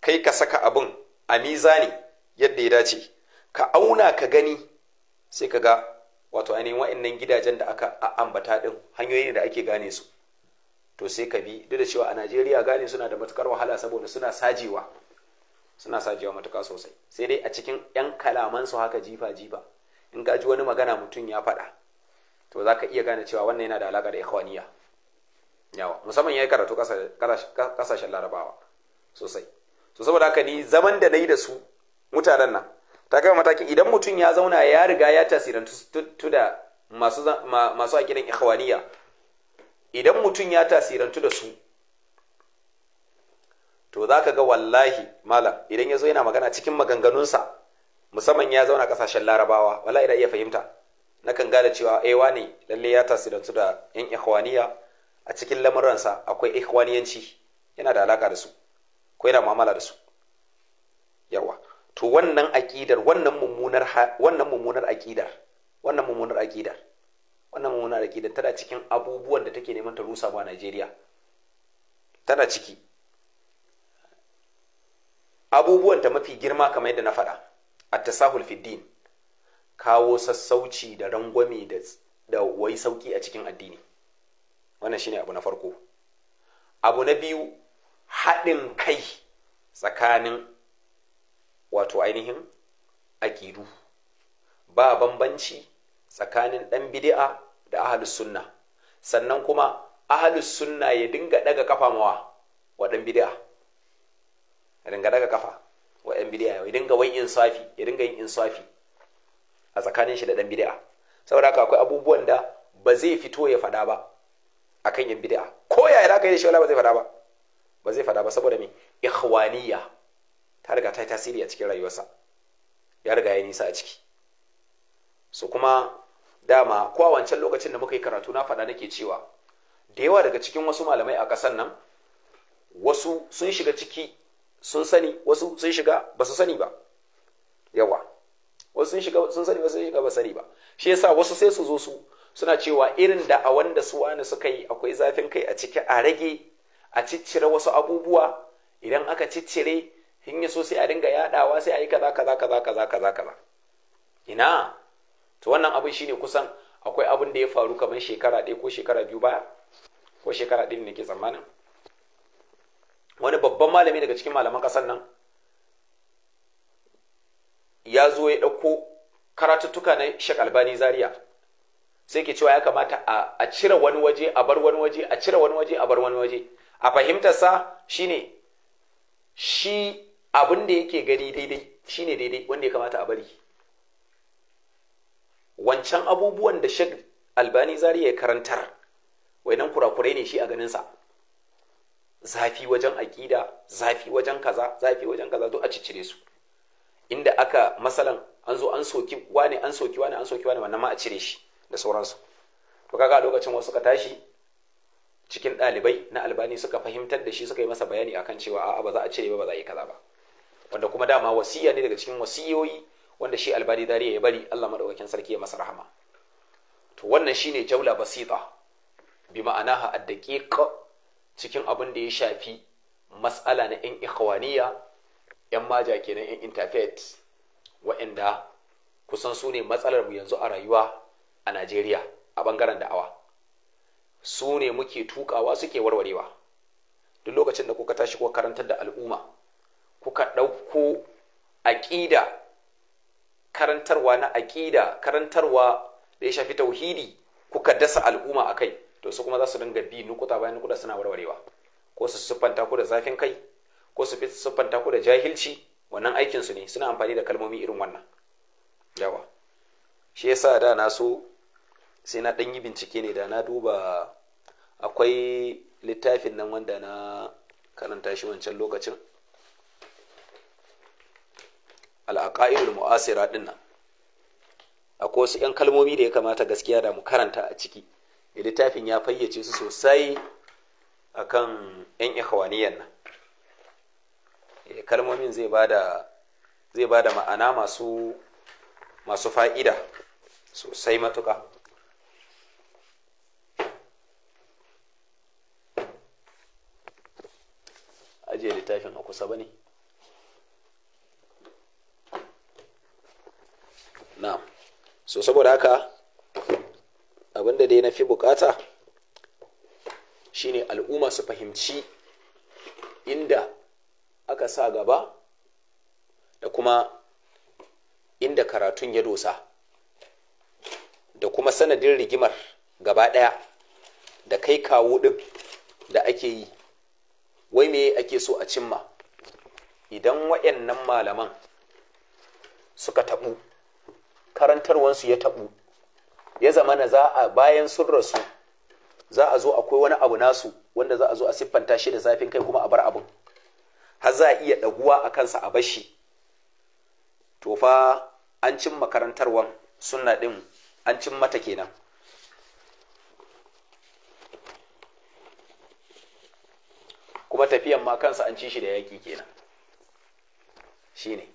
kai ka saka abin a mizani yadda ya dace ka auna ka gani sai ka ga wato ainihin wa'annan gidajen da aka ambata din hanyoyi da ake gane su to sai ka bi duk da cewa a Najeriya gane suna da matukar wahala saboda suna sajewa suna sajewa matuka sosai sai dai a cikin yan kalaman su haka jifa jifa in ka ji wani magana mutum ya faɗa to za ka iya gane cewa wannan yana da alaƙa da ikhwaniya yawa musamman ya yi karatu ƙasashen larabawa sosai so saboda haka ni zaman da na yi da su mutanen nan ta kai matakin idan mutum ya zauna ya riga ya tasirantu da masu a akidan ikhwaniya idan mutum ya tasirantu da su to za ka ga wallahi malam idan ya zo yana magana cikin maganganunsa musamman ya zauna kasashen larabawa wallahi da iya fahimta na kan gada cewa ewa eh, ne lalle ya tasirantu da yan ikhwaniya a cikin lamuransa akwai ikhwaniyanci yana da alaka da su ko yana mu'amala da su yawa to wannan aƙidar wannan mummunar wannan mummunar aƙidar wannan mummunar aƙidar wannan mummunar aƙidar tana cikin abubuwan da take neman ta rusa ba Najeriya tana ciki abubuwan ta mafi girma kamar yadda na faɗa at-tasahul fid din kawo sassauci da rangwame da da wai sauki a cikin addini wannan shine abu na farko abu na biyu haɗin kai tsakanin wato ainihin akidu ba bambanci tsakanin ɗan bidi'a da ahalus sunna sannan kuma ahalus sunna ya dinga daga kafa mawa wa ɗan bidi'a ya dinga daga kafa wa ɗan bidi'a ya dinga wani insafi ya dinga yin insafi a tsakanin shi da ɗan bidi'a saboda haka akwai abubuwan da ba zai fito ya faɗa ba akan yin bidi'a ko yaya za ka yi da shi wala ba zai faɗa ba ba zai faɗa ba saboda me ikhwaniyya ta riga ta yi tasiri a cikin rayuwarsa ya riga ya nisa a ciki Su kuma dama ko a wancan lokacin da muka yi karatu na faɗa nake cewa da yawa daga cikin wasu malamai a ƙasar nan wasu sun shiga ciki sun sani wasu sun shiga ba su sani ba yawa wasu sun shiga sun sani wasu sun shiga ba sani ba shi yasa wasu sai su zo su suna cewa irin da a wanda su wani suka yi akwai zafin kai a ciki a rage a ciccire wasu abubuwa idan aka ciccire in ya so sai a dinga yadawa sai a yi kaza kaza kaza kaza kaza kaza ina to wannan abin shine kusan akwai abin da ya faru kamar shekara ɗaya ko shekara biyu baya ko shekara ɗin ne ke tsammanin wani babban malami daga cikin malaman ƙasar nan ya zo ya ɗauko karatuttuka na Sheikh Albani Zaria sai ke cewa ya kamata a cire wani waje a bar wani waje a cire wani waje a bar wani waje a fahimtarsa shine shi abin da yake gani daidai shi ne daidai wanda ya kamata a bari wancan abubuwan da shek albani zariya ya karantar wainan kurakurai ne shi a ganinsa zafi wajen aƙida zafi wajen kaza zafi wajen kaza to a ciccire su inda aka masalan an zo an soki wane an soki wane an soki wane wannan ma a cire shi da sauransu to kaga a lokacin wasu suka tashi cikin ɗalibai na albani suka fahimtar da shi suka yi masa bayani akan cewa a'a ba za a cire ba ba za a yi kaza ba wanda kuma dama wasiya ne daga cikin wasiyoyi wanda shi albani dariya ya bari Allah madaukakin sarki ya masa rahama to wannan shine jaula basita bi ma'ana ad-daqiq cikin abin da ya shafi mas'ala na yan ikhwaniya yan maja kenan yan interfet wa'anda kusan su ne matsalar mu yanzu a rayuwa a Najeriya a bangaren da'awa su ne muke tukawa suke warwarewa duk lokacin da kuka tashi ko karantar da al'umma kuka ɗauko aƙida karantarwa na aƙida karantarwa da ya shafi tauhidi kuka dasa al'umma a kai to su kuma za su dinga bi nukuta bayan nukuta suna warwarewa ko su siffanta ku da zafin kai ko su siffanta ku da jahilci wannan aikin su ne suna amfani da kalmomi irin wannan yawa shi yasa da na so sai na ɗan yi bincike ne da na duba akwai littafin nan wanda na karanta shi wancan lokacin al'aƙa'irul mu'asira dinnan akwai wasu 'yan kalmomi da ya kamata gaskiya da mu karanta a ciki da littafin ya fayyace su sosai a kan 'yan ikhwaniyan nan eh, kalmomin zai ba da ma'ana masu fa'ida sosai matuka ajiye littafin a kusa ba ne na'am so saboda haka abinda dai na fi bukata shine al'umma su fahimci inda aka sa gaba da kuma inda karatun ya dosa da kuma sanadin rigimar gaba daya da kai kawo din da ake yi wai me ake so a cimma idan waɗannan malaman suka taɓu karantarwansu ya taɓu ya zama na za a bayan sun rasu za a zo akwai wani abu nasu wanda za a zo a siffanta shi da zafin kai kuma a bar abin har za a iya ɗaguwa a kansa a bashi to fa an cin makarantarwan sunna ɗin an cin mata kenan kuma tafiyan ma kansa an ci shi da yaƙi kenan shine ne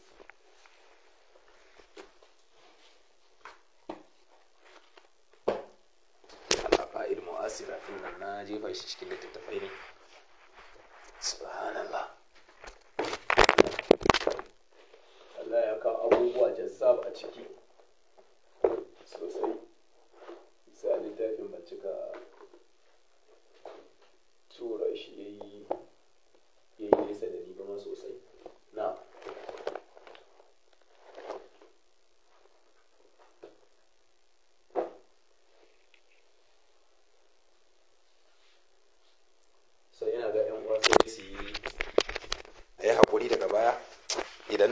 din nan na jefa shi cikin littattafai ne subhanallah Allah ya kawo abubuwa jazzab a ciki sosai sa littafin ba cika tura shi yayi yayi nesa da ni ba sosai na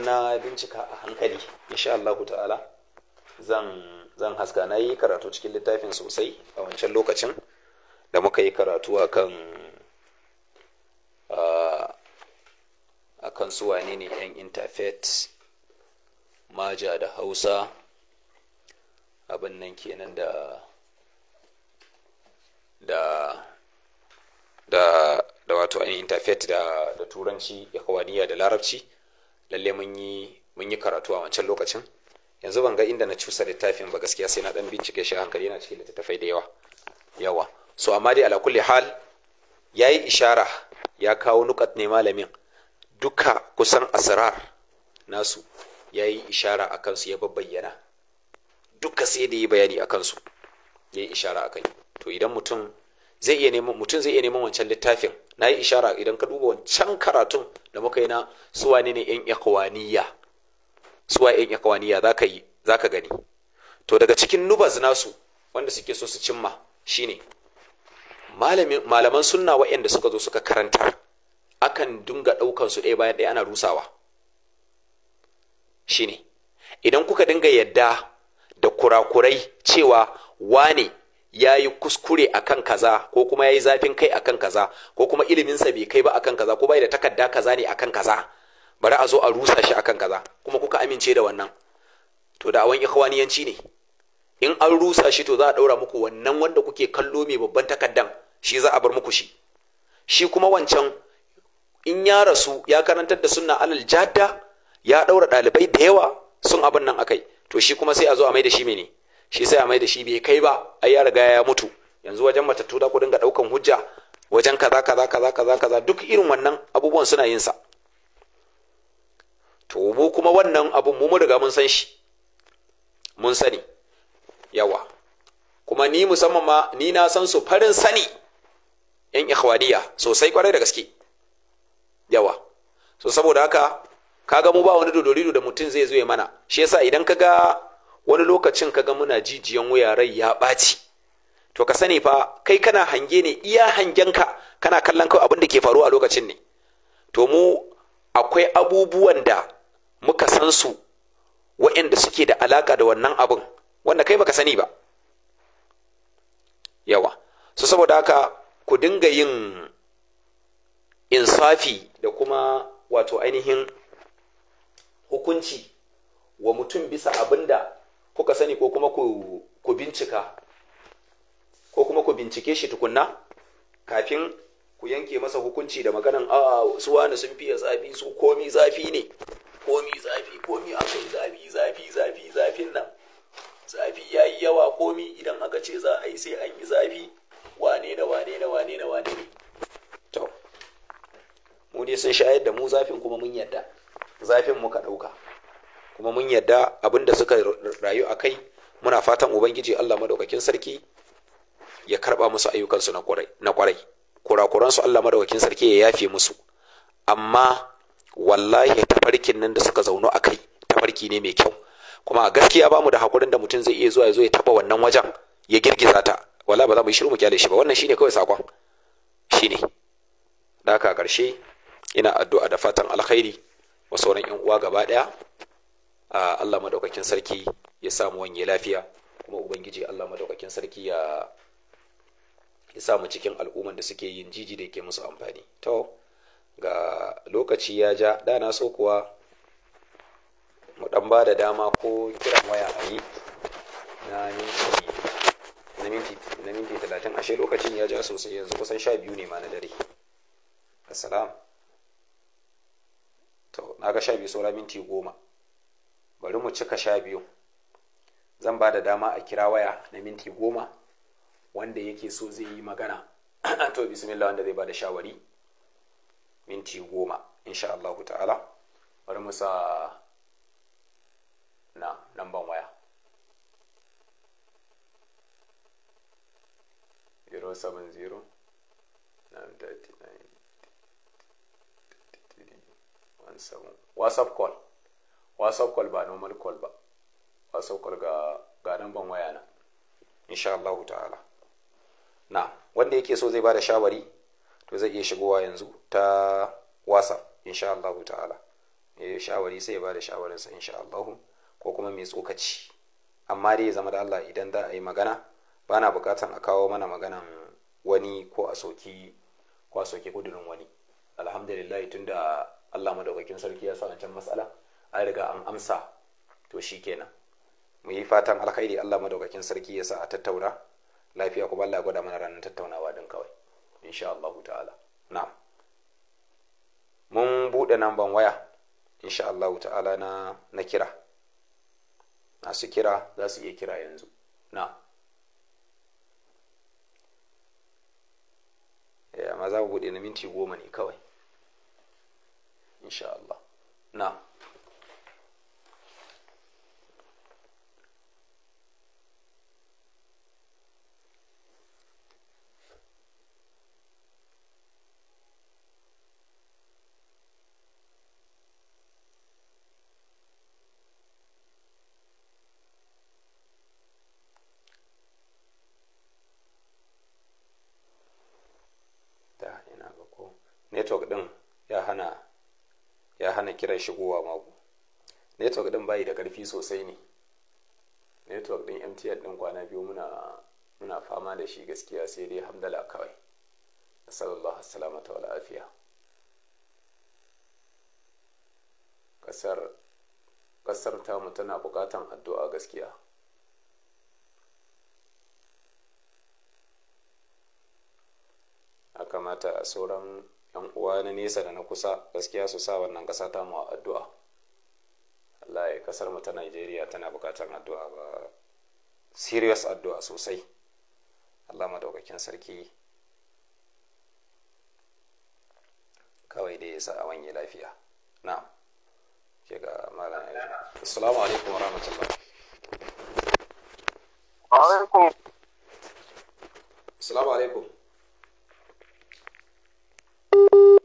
na bincika a hankali insha Allah ta'ala zan zan haska na yi karatu cikin littafin sosai a wancan lokacin da muka yi karatu a kan a kan su wane ne yan interfaith maja da hausa abin nan kenan da da da da wato an interfaith da da turanci ikhwaniya da larabci lalle mun yi karatu a wancan lokacin yanzu ban ga inda na cusa littafin ba gaskiya sai na dan bincike shi hankali yana cikin littattafai da yawa yawa so amma dai ala kulli hal yayi ishara ya kawo nukat ne malamin duka kusan asrar nasu yayi ishara akan su ya babbayyana duka sai da yi bayani akan su yayi ishara akan to idan mutum zai iya neman mutum zai iya neman wancan littafin na yi ishara idan ka duba wancan karatun da muka yi na suwa ne ne yan ikwaniya suwa yan ikwaniya za ka yi za ka gani to daga cikin nubaz nasu wanda suke so su cimma shine malaman sunna waɗanda suka zo suka karantar akan dinga ɗaukan su ɗaya bayan ɗaya ana rusawa shine idan kuka dinga yadda da kurakurai cewa wane ya yi kuskure a kan kaza ko kuma ya yi zafin kai a kan kaza ko kuma iliminsa bai kai ba a kan kaza ko bai da takarda kaza ne a kan kaza bari a zo a rusa shi kan kaza kuma kuka amince da wannan to da awan ikhwaniyanci ne in an rusa shi to za a ɗaura muku wannan wanda kuke kallo mai babban takardan shi za a bar muku shi shi kuma wancan in ya rasu ya karantar da sunna alal jadda ya daura ɗalibai da yawa sun abin nan akai to shi kuma sai a zo a mai da shi mene shi sai a mai da shi bai kai ba ai ya riga ya mutu yanzu wajen matattu da kudin ga daukan hujja wajen kaza kaza kaza kaza kaza duk irin wannan abubuwan suna yin sa to mu kuma wannan abun mu riga mun san shi mun sani yawa kuma ni musamman ma ni na san su farin sani yan ikhwaniya sosai kwarai da gaske yawa so saboda haka kaga mu ba wani dodorido da mutum zai zo ya mana shi yasa idan kaga wani lokacin ka ga muna jijiyan wuya rai ya ɓaci to ka sani fa kai kana hange ne iya hangenka kana kallon kawai abin da ke faruwa a lokacin ne to mu akwai abubuwan da muka san su waɗanda suke da alaka da wannan abin wanda kai baka sani ba yawa su saboda haka ku dinga yin insafi da kuma wato ainihin hukunci wa mutum bisa abinda kuka sani ko kuma ku bincika ko kuma ku bincike shi tukunna kafin ku yanke masa hukunci da maganan a su wani sun fiye zafi su komi zafi ne komi zafi komi akwai zafi zafi zafi zafin nan zafi ya yi yawa komi idan aka ce za a yi sai an yi zafi wane da wane da wane da wane ne to mu dai sun shayar da mu zafin kuma mun yadda zafin muka ɗauka kuma mun yadda abin da suka rayu a kai muna fatan ubangiji allah madaukakin sarki ya karba musu ayyukansu na kwarai kurakuransu allah madaukakin sarki ya yafe musu amma wallahi tafarkin nan da suka zauno a kai tafarki ne mai kyau kuma a gaskiya ba mu da hakurin da mutum zai iya zuwa ya zo ya taba wannan wajen ya girgiza ta wala ba za mu yi shiru mu kyale shi ba wannan shine kawai sakon shine da haka karshe ina addu'a da fatan alkhairi wa sauran yan uwa gaba daya Allah madaukakin sarki ya samu wanye lafiya kuma ubangiji Allah madaukakin sarki ya ya samu cikin al'umman da suke yin jiji da yake musu amfani to ga lokaci ya ja dana so kuwa mu dan ba da dama ko kiran waya a yi na minti na minti talatin ashe lokacin ya ja sosai yanzu kusan sha biyu ne ma na dare assalam to na ga sha biyu saura minti goma bari mu cika sha biyu zan ba da dama a kira waya na minti goma wanda yake so zai yi magana to bismillah wanda zai ba da shawari minti goma insha Allah ta'ala bari mu sa na namban waya 070 whatsapp call whatsapp kwal ba normal kwal ba whatsapp kwal ga ganin ban waya na insha Allah ta'ala na wanda yake so zai bada shawari to zai iya shigowa yanzu ta wasa insha Allah ta'ala yi shawari sai ya bada shawarinsa insha Allah ko kuma mai tsokaci amma dai ya zama da Allah idan za a yi magana ba na bukatan a kawo mana magana wani ko a soki ko a soki kudurin wani alhamdulillah tunda Allah madaukakin sarki ya sa wancan matsala an riga an amsa to shi kenan mu yi fatan alkhairi Allah madaukakin sarki ya sa a tattauna lafiya kuma Allah ya gwada mana ranar tattaunawa din kawai insha Allah ta'ala na'am mun bude namban waya insha Allah ta'ala na na kira masu kira za su iya kira yanzu na'am amma za mu bude na minti goma ne kawai insha Allah na'am yana shigowa mako network din bayi da karfi sosai ne network din mtn din kwana biyu muna muna fama da shi gaskiya sai dai hamdala kawai sallallahu salamata wa lafiya kasar kasar mu tana bukatan addu'a gaskiya a kamata sauran yan uwa na nesa da na kusa gaskiya su sa wannan ƙasa ta mu addu'a Allah ya kasar mu ta Najeriya tana bukatar addu'a ba serious addu'a sosai Allah madaukakin sarki kawai dai ya sa a wanye lafiya na ke ga malam assalamu alaikum wa wa alaikum assalamu alaikum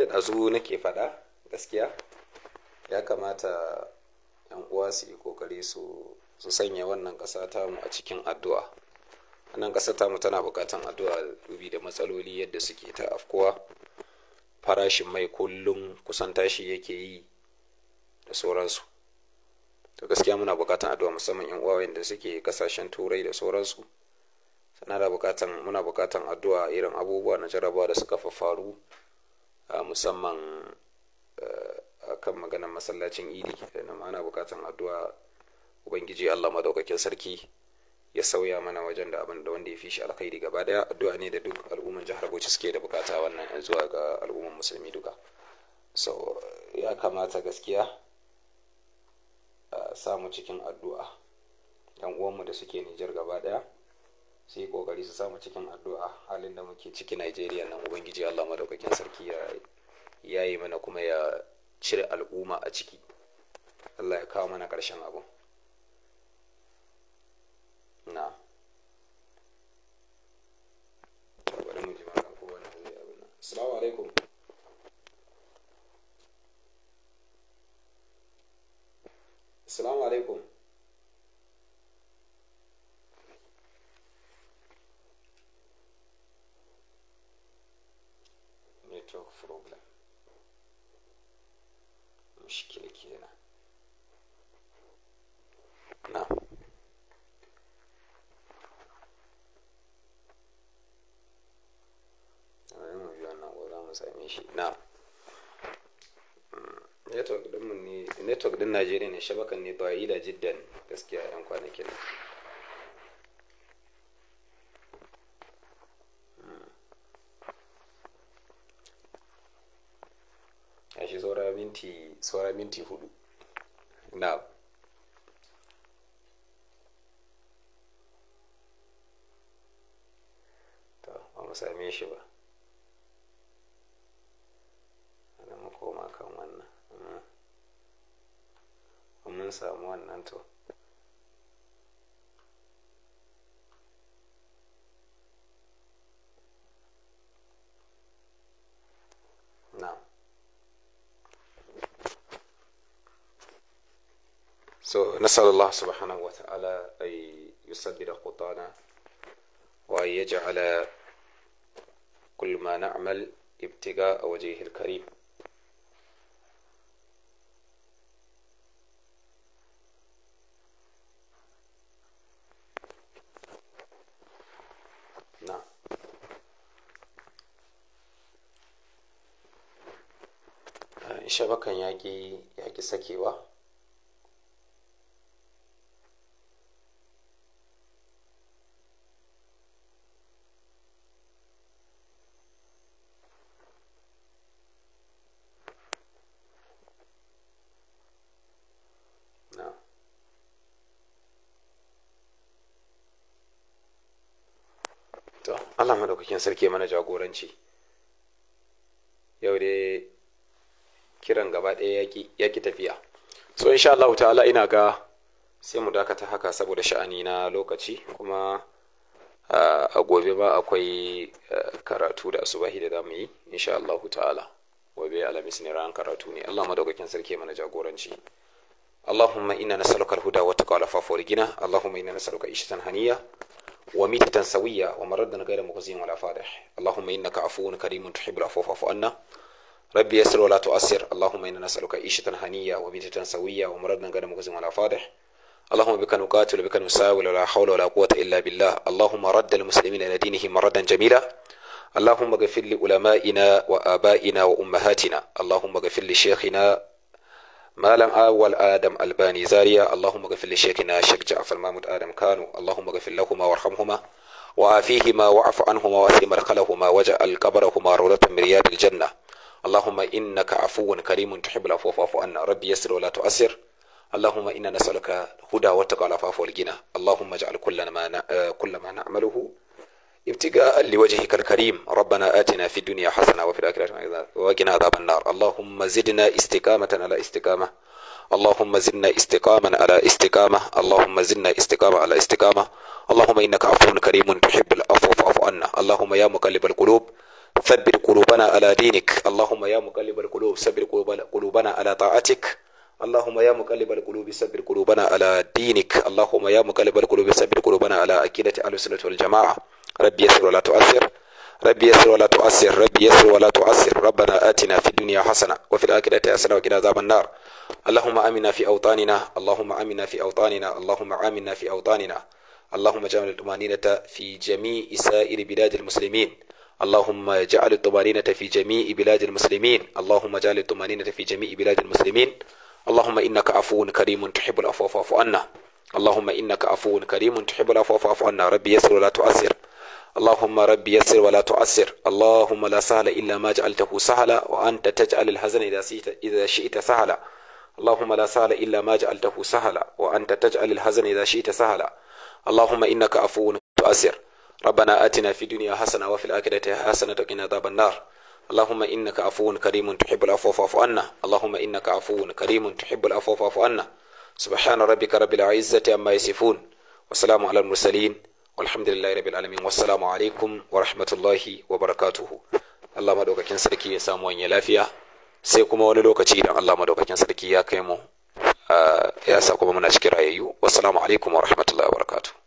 da ɗazu nake faɗa gaskiya ya kamata yan uwa su yi kokari su sanya wannan ƙasa tamu a cikin addu'a wannan ƙasa tamu tana buƙatan addu'a dubi da matsaloli yadda suke ta afkuwa farashin mai kullum kusan tashi yake yi da sauransu to gaskiya muna buƙatar addu'a musamman yan uwa wanda suke kasashen turai da sauransu sana da muna buƙatar addu'a irin abubuwa na jarabawa da suka faru A musamman eh, kan maganar masallacin idi da nan ana bukatan addu'a ubangiji allah madaukakin sarki ya sauya mana wajen da abin da wanda ya fi shi alkhairi gaba daya addu'a ne da duk al'umman jihar bauchi suke da bukata wannan zuwa ga al'umman musulmi duka so ya kamata gaskiya samu cikin addu'a yan uwanmu da suke nijar gaba daya sai kokari su samu cikin addu'a halin da muke ciki Najeriya nan ubangiji Allah madaukakin sarki ya yayi mana kuma ya cire al'umma a ciki Allah ya kawo mana ƙarshen abu na
abu na
assalamu alaikum assalamu alaikum mushkil kenan
na bari mu
ji same shi na network network din Najeriya ne shabakan ne ba yi da jiddan gaskiya yan kwanakin nan minti saura minti hudu na ta ba mu same shi ba ana koma kan wannan hmm. mun samu wannan to
نسأل الله سبحانه
وتعالى أن يسدد خطانا وأن يجعل كل ما نعمل ابتغاء وجهه الكريم نعم آه، شبكا ياجي سكيوه sarki mana jagoranci yau dai kiran gaba ɗaya ya ki tafiya so insha Allah ta'ala ina ga sai mu dakata haka saboda sha'ani na lokaci kuma a gobe ba akwai karatu da asubahi da zamu yi insha Allah ta'ala gobe alamis ne ran karatu ne Allah madaukakin sarki mana jagoranci اللهم إنا نسألك الهدى والتقى والعفاف والغنى اللهم إنا نسألك عيشة هنية وميتة سوية ومردا غير مخزي ولا فادح اللهم إنك عفو كريم تحب العفو فاعف عنا ربي يسر ولا تؤسر اللهم إنا نسألك عيشة هنية وميتة سوية ومردا غير مخزي ولا فادح اللهم بك نقاتل بك نساول ولا حول ولا قوة إلا بالله اللهم رد المسلمين إلى دينهم مردا جميلا اللهم اغفر لعلمائنا وآبائنا وأمهاتنا اللهم اغفر لشيخنا malam awwal adam albani zaria allahumma ghafir li shaykhina shaykh ja'far mahmud adam kano allahumma ghafir lahumu warhamhuma wa afihima wa'fu anhuma wa simar kalahuma waj'al qabrahuma rawdatan janna اللهم إنك عفو كريم تحب العفو فاعف عنا ربي يسر ولا تؤسر اللهم إنا نسألك هدى والتقى والعفاف والغنى اللهم اجعل كل ما كل ما نعمله ابتغاء لوجهك الكريم ربنا آتنا في الدنيا حسنة وفي الآخرة حسنة وقنا عذاب النار اللهم زدنا استقامة على استقامة اللهم زدنا استقامة على استقامة اللهم زدنا استقامة على استقامة اللهم إنك عفو كريم تحب العفو فاعف عنا اللهم يا مقلب القلوب ثبت قلوبنا على دينك اللهم يا مقلب القلوب ثبت قلوبنا على طاعتك اللهم يا مقلب القلوب ثبت قلوبنا على دينك اللهم يا مقلب القلوب ثبت قلوبنا على عقيدة أهل السنة والجماعة ربي يسر ولا تؤثر ربي يسر ولا تؤثر ربي يسر ولا تؤثر ربنا آتنا في الدنيا حسنة وفي الآخرة حسنة وقنا عذاب النار اللهم آمنا في أوطاننا اللهم آمنا في أوطاننا اللهم آمنا في أوطاننا اللهم جعل الطمأنينة في جميع سائر بلاد المسلمين اللهم جعل الطمأنينة في جميع بلاد المسلمين اللهم جعل الطمأنينة في جميع بلاد المسلمين اللهم إنك عفو كريم تحب العفو فاعف عنا اللهم إنك عفو كريم تحب العفو فاعف عنا ربي يسر ولا تؤثر اللهم رب يسر ولا تعسر اللهم لا سهل إلا ما جعلته سهلا وأنت تجعل الحزن إذا شئت سهلا اللهم لا سهل إلا ما جعلته سهلا وأنت تجعل الحزن إذا شئت سهلا اللهم إنك عفو تؤسر ربنا آتنا في الدنيا حسنة وفي الآخرة حسنة وقنا عذاب النار اللهم إنك عفو كريم تحب العفو فاعف عنا اللهم إنك عفو كريم تحب العفو فاعف عنا سبحان ربك رب العزة عما يصفون وسلام على المرسلين walhamdulillahi rabbil alamin wassalamu alaikum wa rahmatullahi wa barakatuhu Allah madaukakin sarki ya samu wani lafiya sai kuma wani lokaci idan Allah madaukakin sarki ya kai mu
ah, ya sa kuma muna cikin rayayyu wassalamu alaikum wa rahmatullahi wa barakatuhu